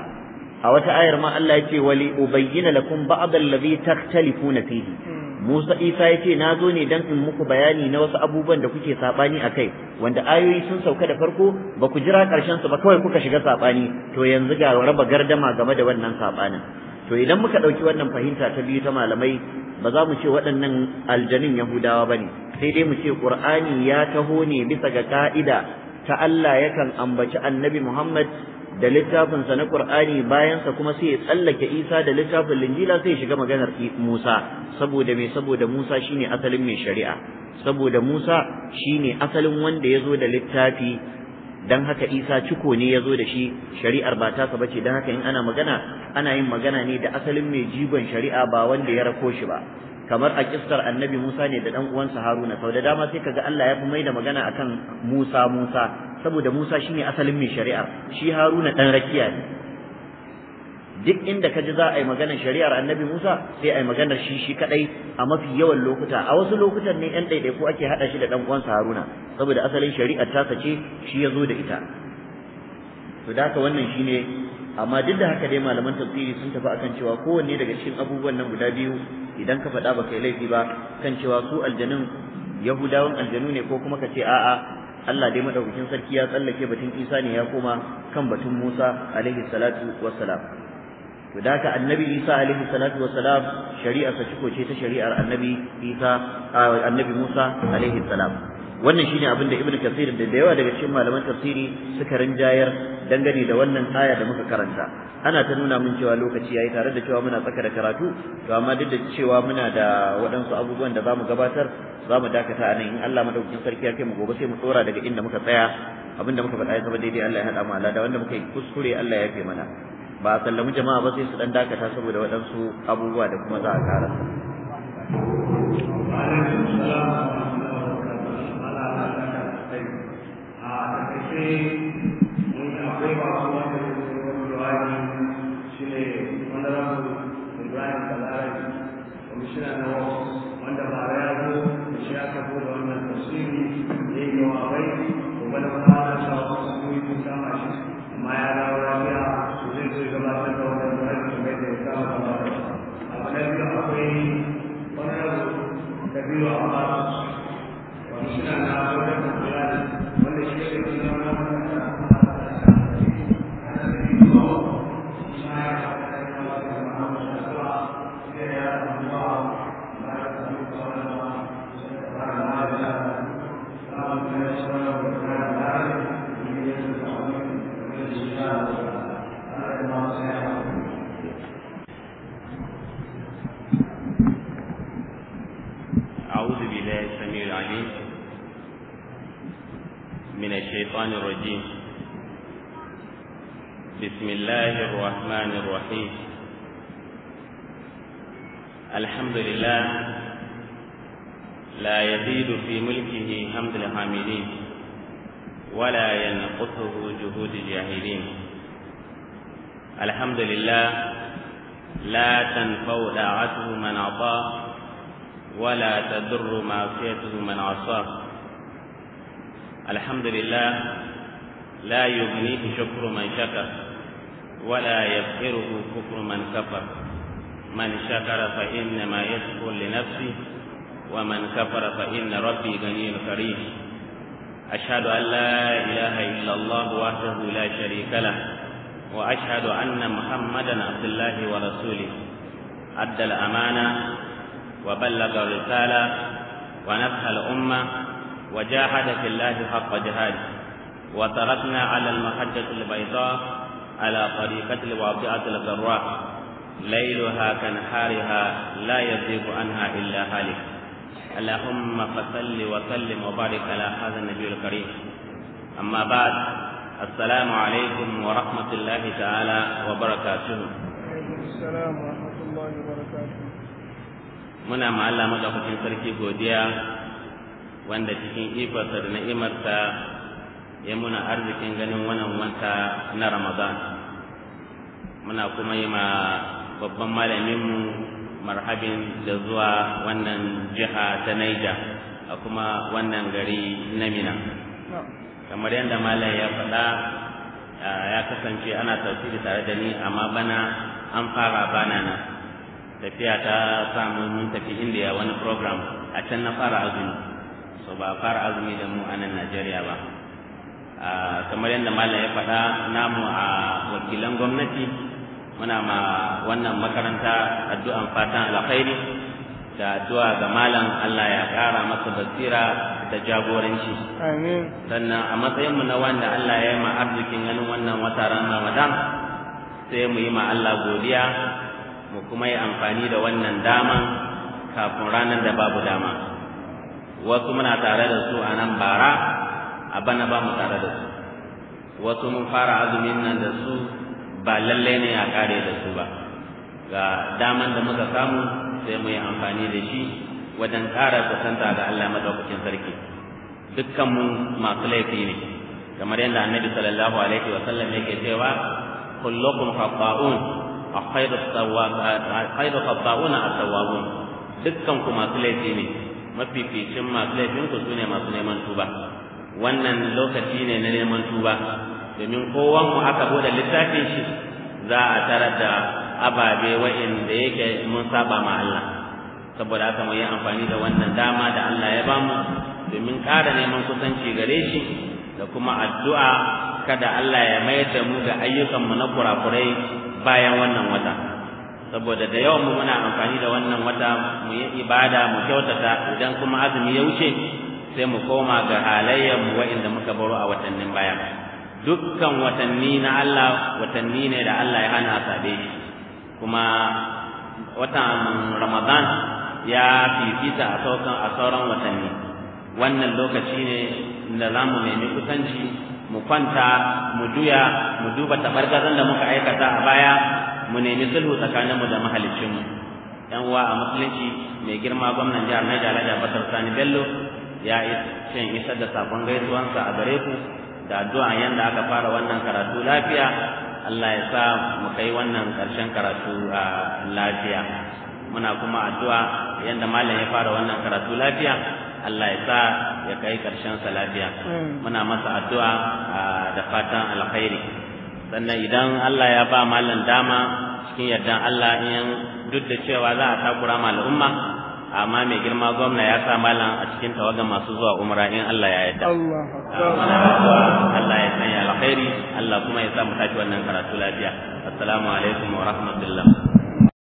a wata ayar ma Allah ya ce wali ubayyana lakum ba'd allazi takhtalifuna fihi Musa Isa ya ce na zo ne don in muku bayani na wasu abubuwan da kuke saɓani a kai wanda ayoyi sun sauka da farko ba ku jira ƙarshen su ba kawai kuka shiga saɓani to yanzu ga raba gardama game da wannan saɓanin to idan muka ɗauki wannan fahimta ta biyu ta malamai ba za mu ce waɗannan aljanin Yahudawa ba ne sai dai mu ce Ƙur'ani ya taho ne bisa ga ka'ida ta Allah yakan ambaci annabi Muhammad da littafinsa na Qur'ani bayansa kuma sai ya tsallake Isa da littafin Linjila sai ya shiga maganar Musa saboda me saboda Musa shine asalin mai shari'a saboda Musa shine asalin wanda ya zo da littafi dan haka Isa ciko ne ya zo da shi shari'ar ba tasa bace dan haka in ana magana ana yin magana ne da asalin mai jigon shari'a ba wanda ya rako shi ba kamar a kissar annabi Musa ne da dan uwansa Haruna sau da dama sai kaga Allah ya fi mai da magana akan Musa Musa saboda Musa shine asalin mai shari'a shi Haruna dan rakiya ne duk inda kaji za a yi maganar shari'ar annabi Musa sai a yi maganar shi shi kadai a mafi yawan lokuta a wasu lokutan ne yan ɗaiɗaiku ake haɗa shi da dan uwansa Haruna saboda asalin shari'ar ta sace shi ya zo da ita to da haka wannan shine amma duk da haka dai malaman tafsiri sun tafi akan cewa kowanne daga cikin abubuwan nan guda biyu idan ka faɗa baka yi laifi ba kan cewa su aljanun yahudawan aljanu ne ko kuma ka ce a'a Allah dai madaukakin sarki ya tsallake batun Isa ne ya koma kan batun Musa alaihi salatu wassalam to da haka annabi Isa alaihi salatu wassalam shari'a sa ciko ce ta shari'ar annabi Isa annabi Musa alaihi salam wannan shine abin da ibnu kasir da da yawa daga cikin malaman tafsiri suka rinjayar dangane da wannan aya da muka karanta ana ta nuna mun cewa lokaci yayi tare da cewa muna tsaka da karatu to amma duk da cewa muna da waɗansu abubuwan da zamu gabatar zamu dakata anan in Allah madaukakin sarki ya kai mu gobe sai mu tsora daga inda muka tsaya abinda muka faɗa ya zama daidai Allah ya haɗa mu alada wanda muka yi kuskure Allah ya kai mana ba a sallamu jama'a ba sai su dan dakata saboda waɗansu abubuwa da kuma za a karasa. الرحيم بسم الله الرحمن الرحيم الحمد لله لا يزيد في ملكه حمد الحامدين ولا ينقصه جهود الجاهلين الحمد لله لا تنفع دعاته من عطاه ولا تضر معصيته من عصاه الحمد لله لا يغنيه شكر من شكر ولا يبخره كفر من كفر من شكر فإنما يشكر لنفسه ومن كفر فإن ربي غني كريم أشهد أن لا إله إلا الله وحده لا شريك له وأشهد أن محمدا عبد الله ورسوله أدى الأمانة وبلغ الرسالة ونفح الأمة وجاهد في الله حق جهاده وتركنا على المحجة البيضاء على طريقة الواقعة الغراء ليلها كنهارها لا يزيغ عنها إلا هالك اللهم فصل وسلم وبارك على هذا النبي الكريم أما بعد السلام عليكم ورحمة الله تعالى وبركاته السلام ورحمة الله وبركاته muna ma Allah madaukakin سركي godiya wanda cikin إيفا سرنا إمرتا ya muna arzikin ganin wannan wata na ramadan muna kuma yi ma babban malaminmu marhabin da zuwa wannan jiha ta naija a kuma wannan gari na mina kamar yadda malam ya faɗa ya kasance ana tafsiri tare da ni amma bana an fara bana na tafiya ta samu mun tafi indiya wani program a can na fara azumi so ba fara azumi da mu a nan najeriya ba Ah, kamar yadda malam ya faɗa namu a wakilan gwamnati muna ma wannan makaranta addu'an fatan alkhairi da addu'a ga malam Allah ya ƙara masa basira da jagoranci sannan a matsayinmu na wanda Allah ya yi ma arzikin ganin wannan wata Ramadan sai mu yi ma Allah godiya mu kuma yi amfani da wannan dama kafin ranar da babu dama wasu muna tare da su a nan bara a bana ba mu tare da su wasu mun fara azumin nan da su ba lalle ne a kare da su ba ga daman da muka samu sai mu yi amfani da shi wajen ƙara kusanta ga Allah madaukakin sarki dukkan mu masu laifi ne kamar yadda annabi sallallahu alaihi wa sallam yake cewa kullukum khata'un akhayru khata'un at-tawwabun dukkan ku masu laifi ne mafificin masu laifin ku sune masu neman tuba wannan lokaci ne na neman tuba domin kowan mu aka bude littafin shi za a tarar da ababe wa'inda yake mun saba ma Allah saboda haka mu yi amfani da wannan dama da Allah ya bamu domin ƙara neman kusanci gare shi da kuma addu'a kada Allah ya mayar da mu ga mu na kurakurai bayan wannan wata saboda da yawan mu muna amfani da wannan wata mu yi ibada mu kyautata idan kuma azumi ya wuce sai mu koma ga halayyar mu wa'inda muka baro a watannin baya dukkan watanni na Allah watanni ne da Allah ya hana asabe shi kuma watan Ramadan ya fifita a saukan a sauran watanni wannan lokaci ne da za mu nemi kusanci mu kwanta mu juya mu duba tabargazan da muka aikata a baya mu nemi sulhu tsakaninmu da mahaliccinmu yan uwa a musulunci mai girma gwamnan jihar Niger Alhaji Basar, Sani Bello ya shin isa da sabon gaisuwansa a gare ku da addu'a yanda aka fara wannan karatu lafiya Allah ya sa mu kai wannan ƙarshen karatu a lafiya muna kuma addu'a yanda malam ya fara wannan karatu lafiya Allah ya sa ya kai ƙarshen sa lafiya hmm. muna masa addu'a da fatan alkhairi sannan idan Allah ya ba malam dama cikin yardan Allah in duk da cewa za a takura ma al'umma amma mai girma gwamna ya sa malam a cikin tawaga masu zuwa umra in Allah ya yarda Allah ya sanya alkhairi Allah kuma ya sa mu tafi wannan karatu lafiya assalamu alaikum wa rahmatullah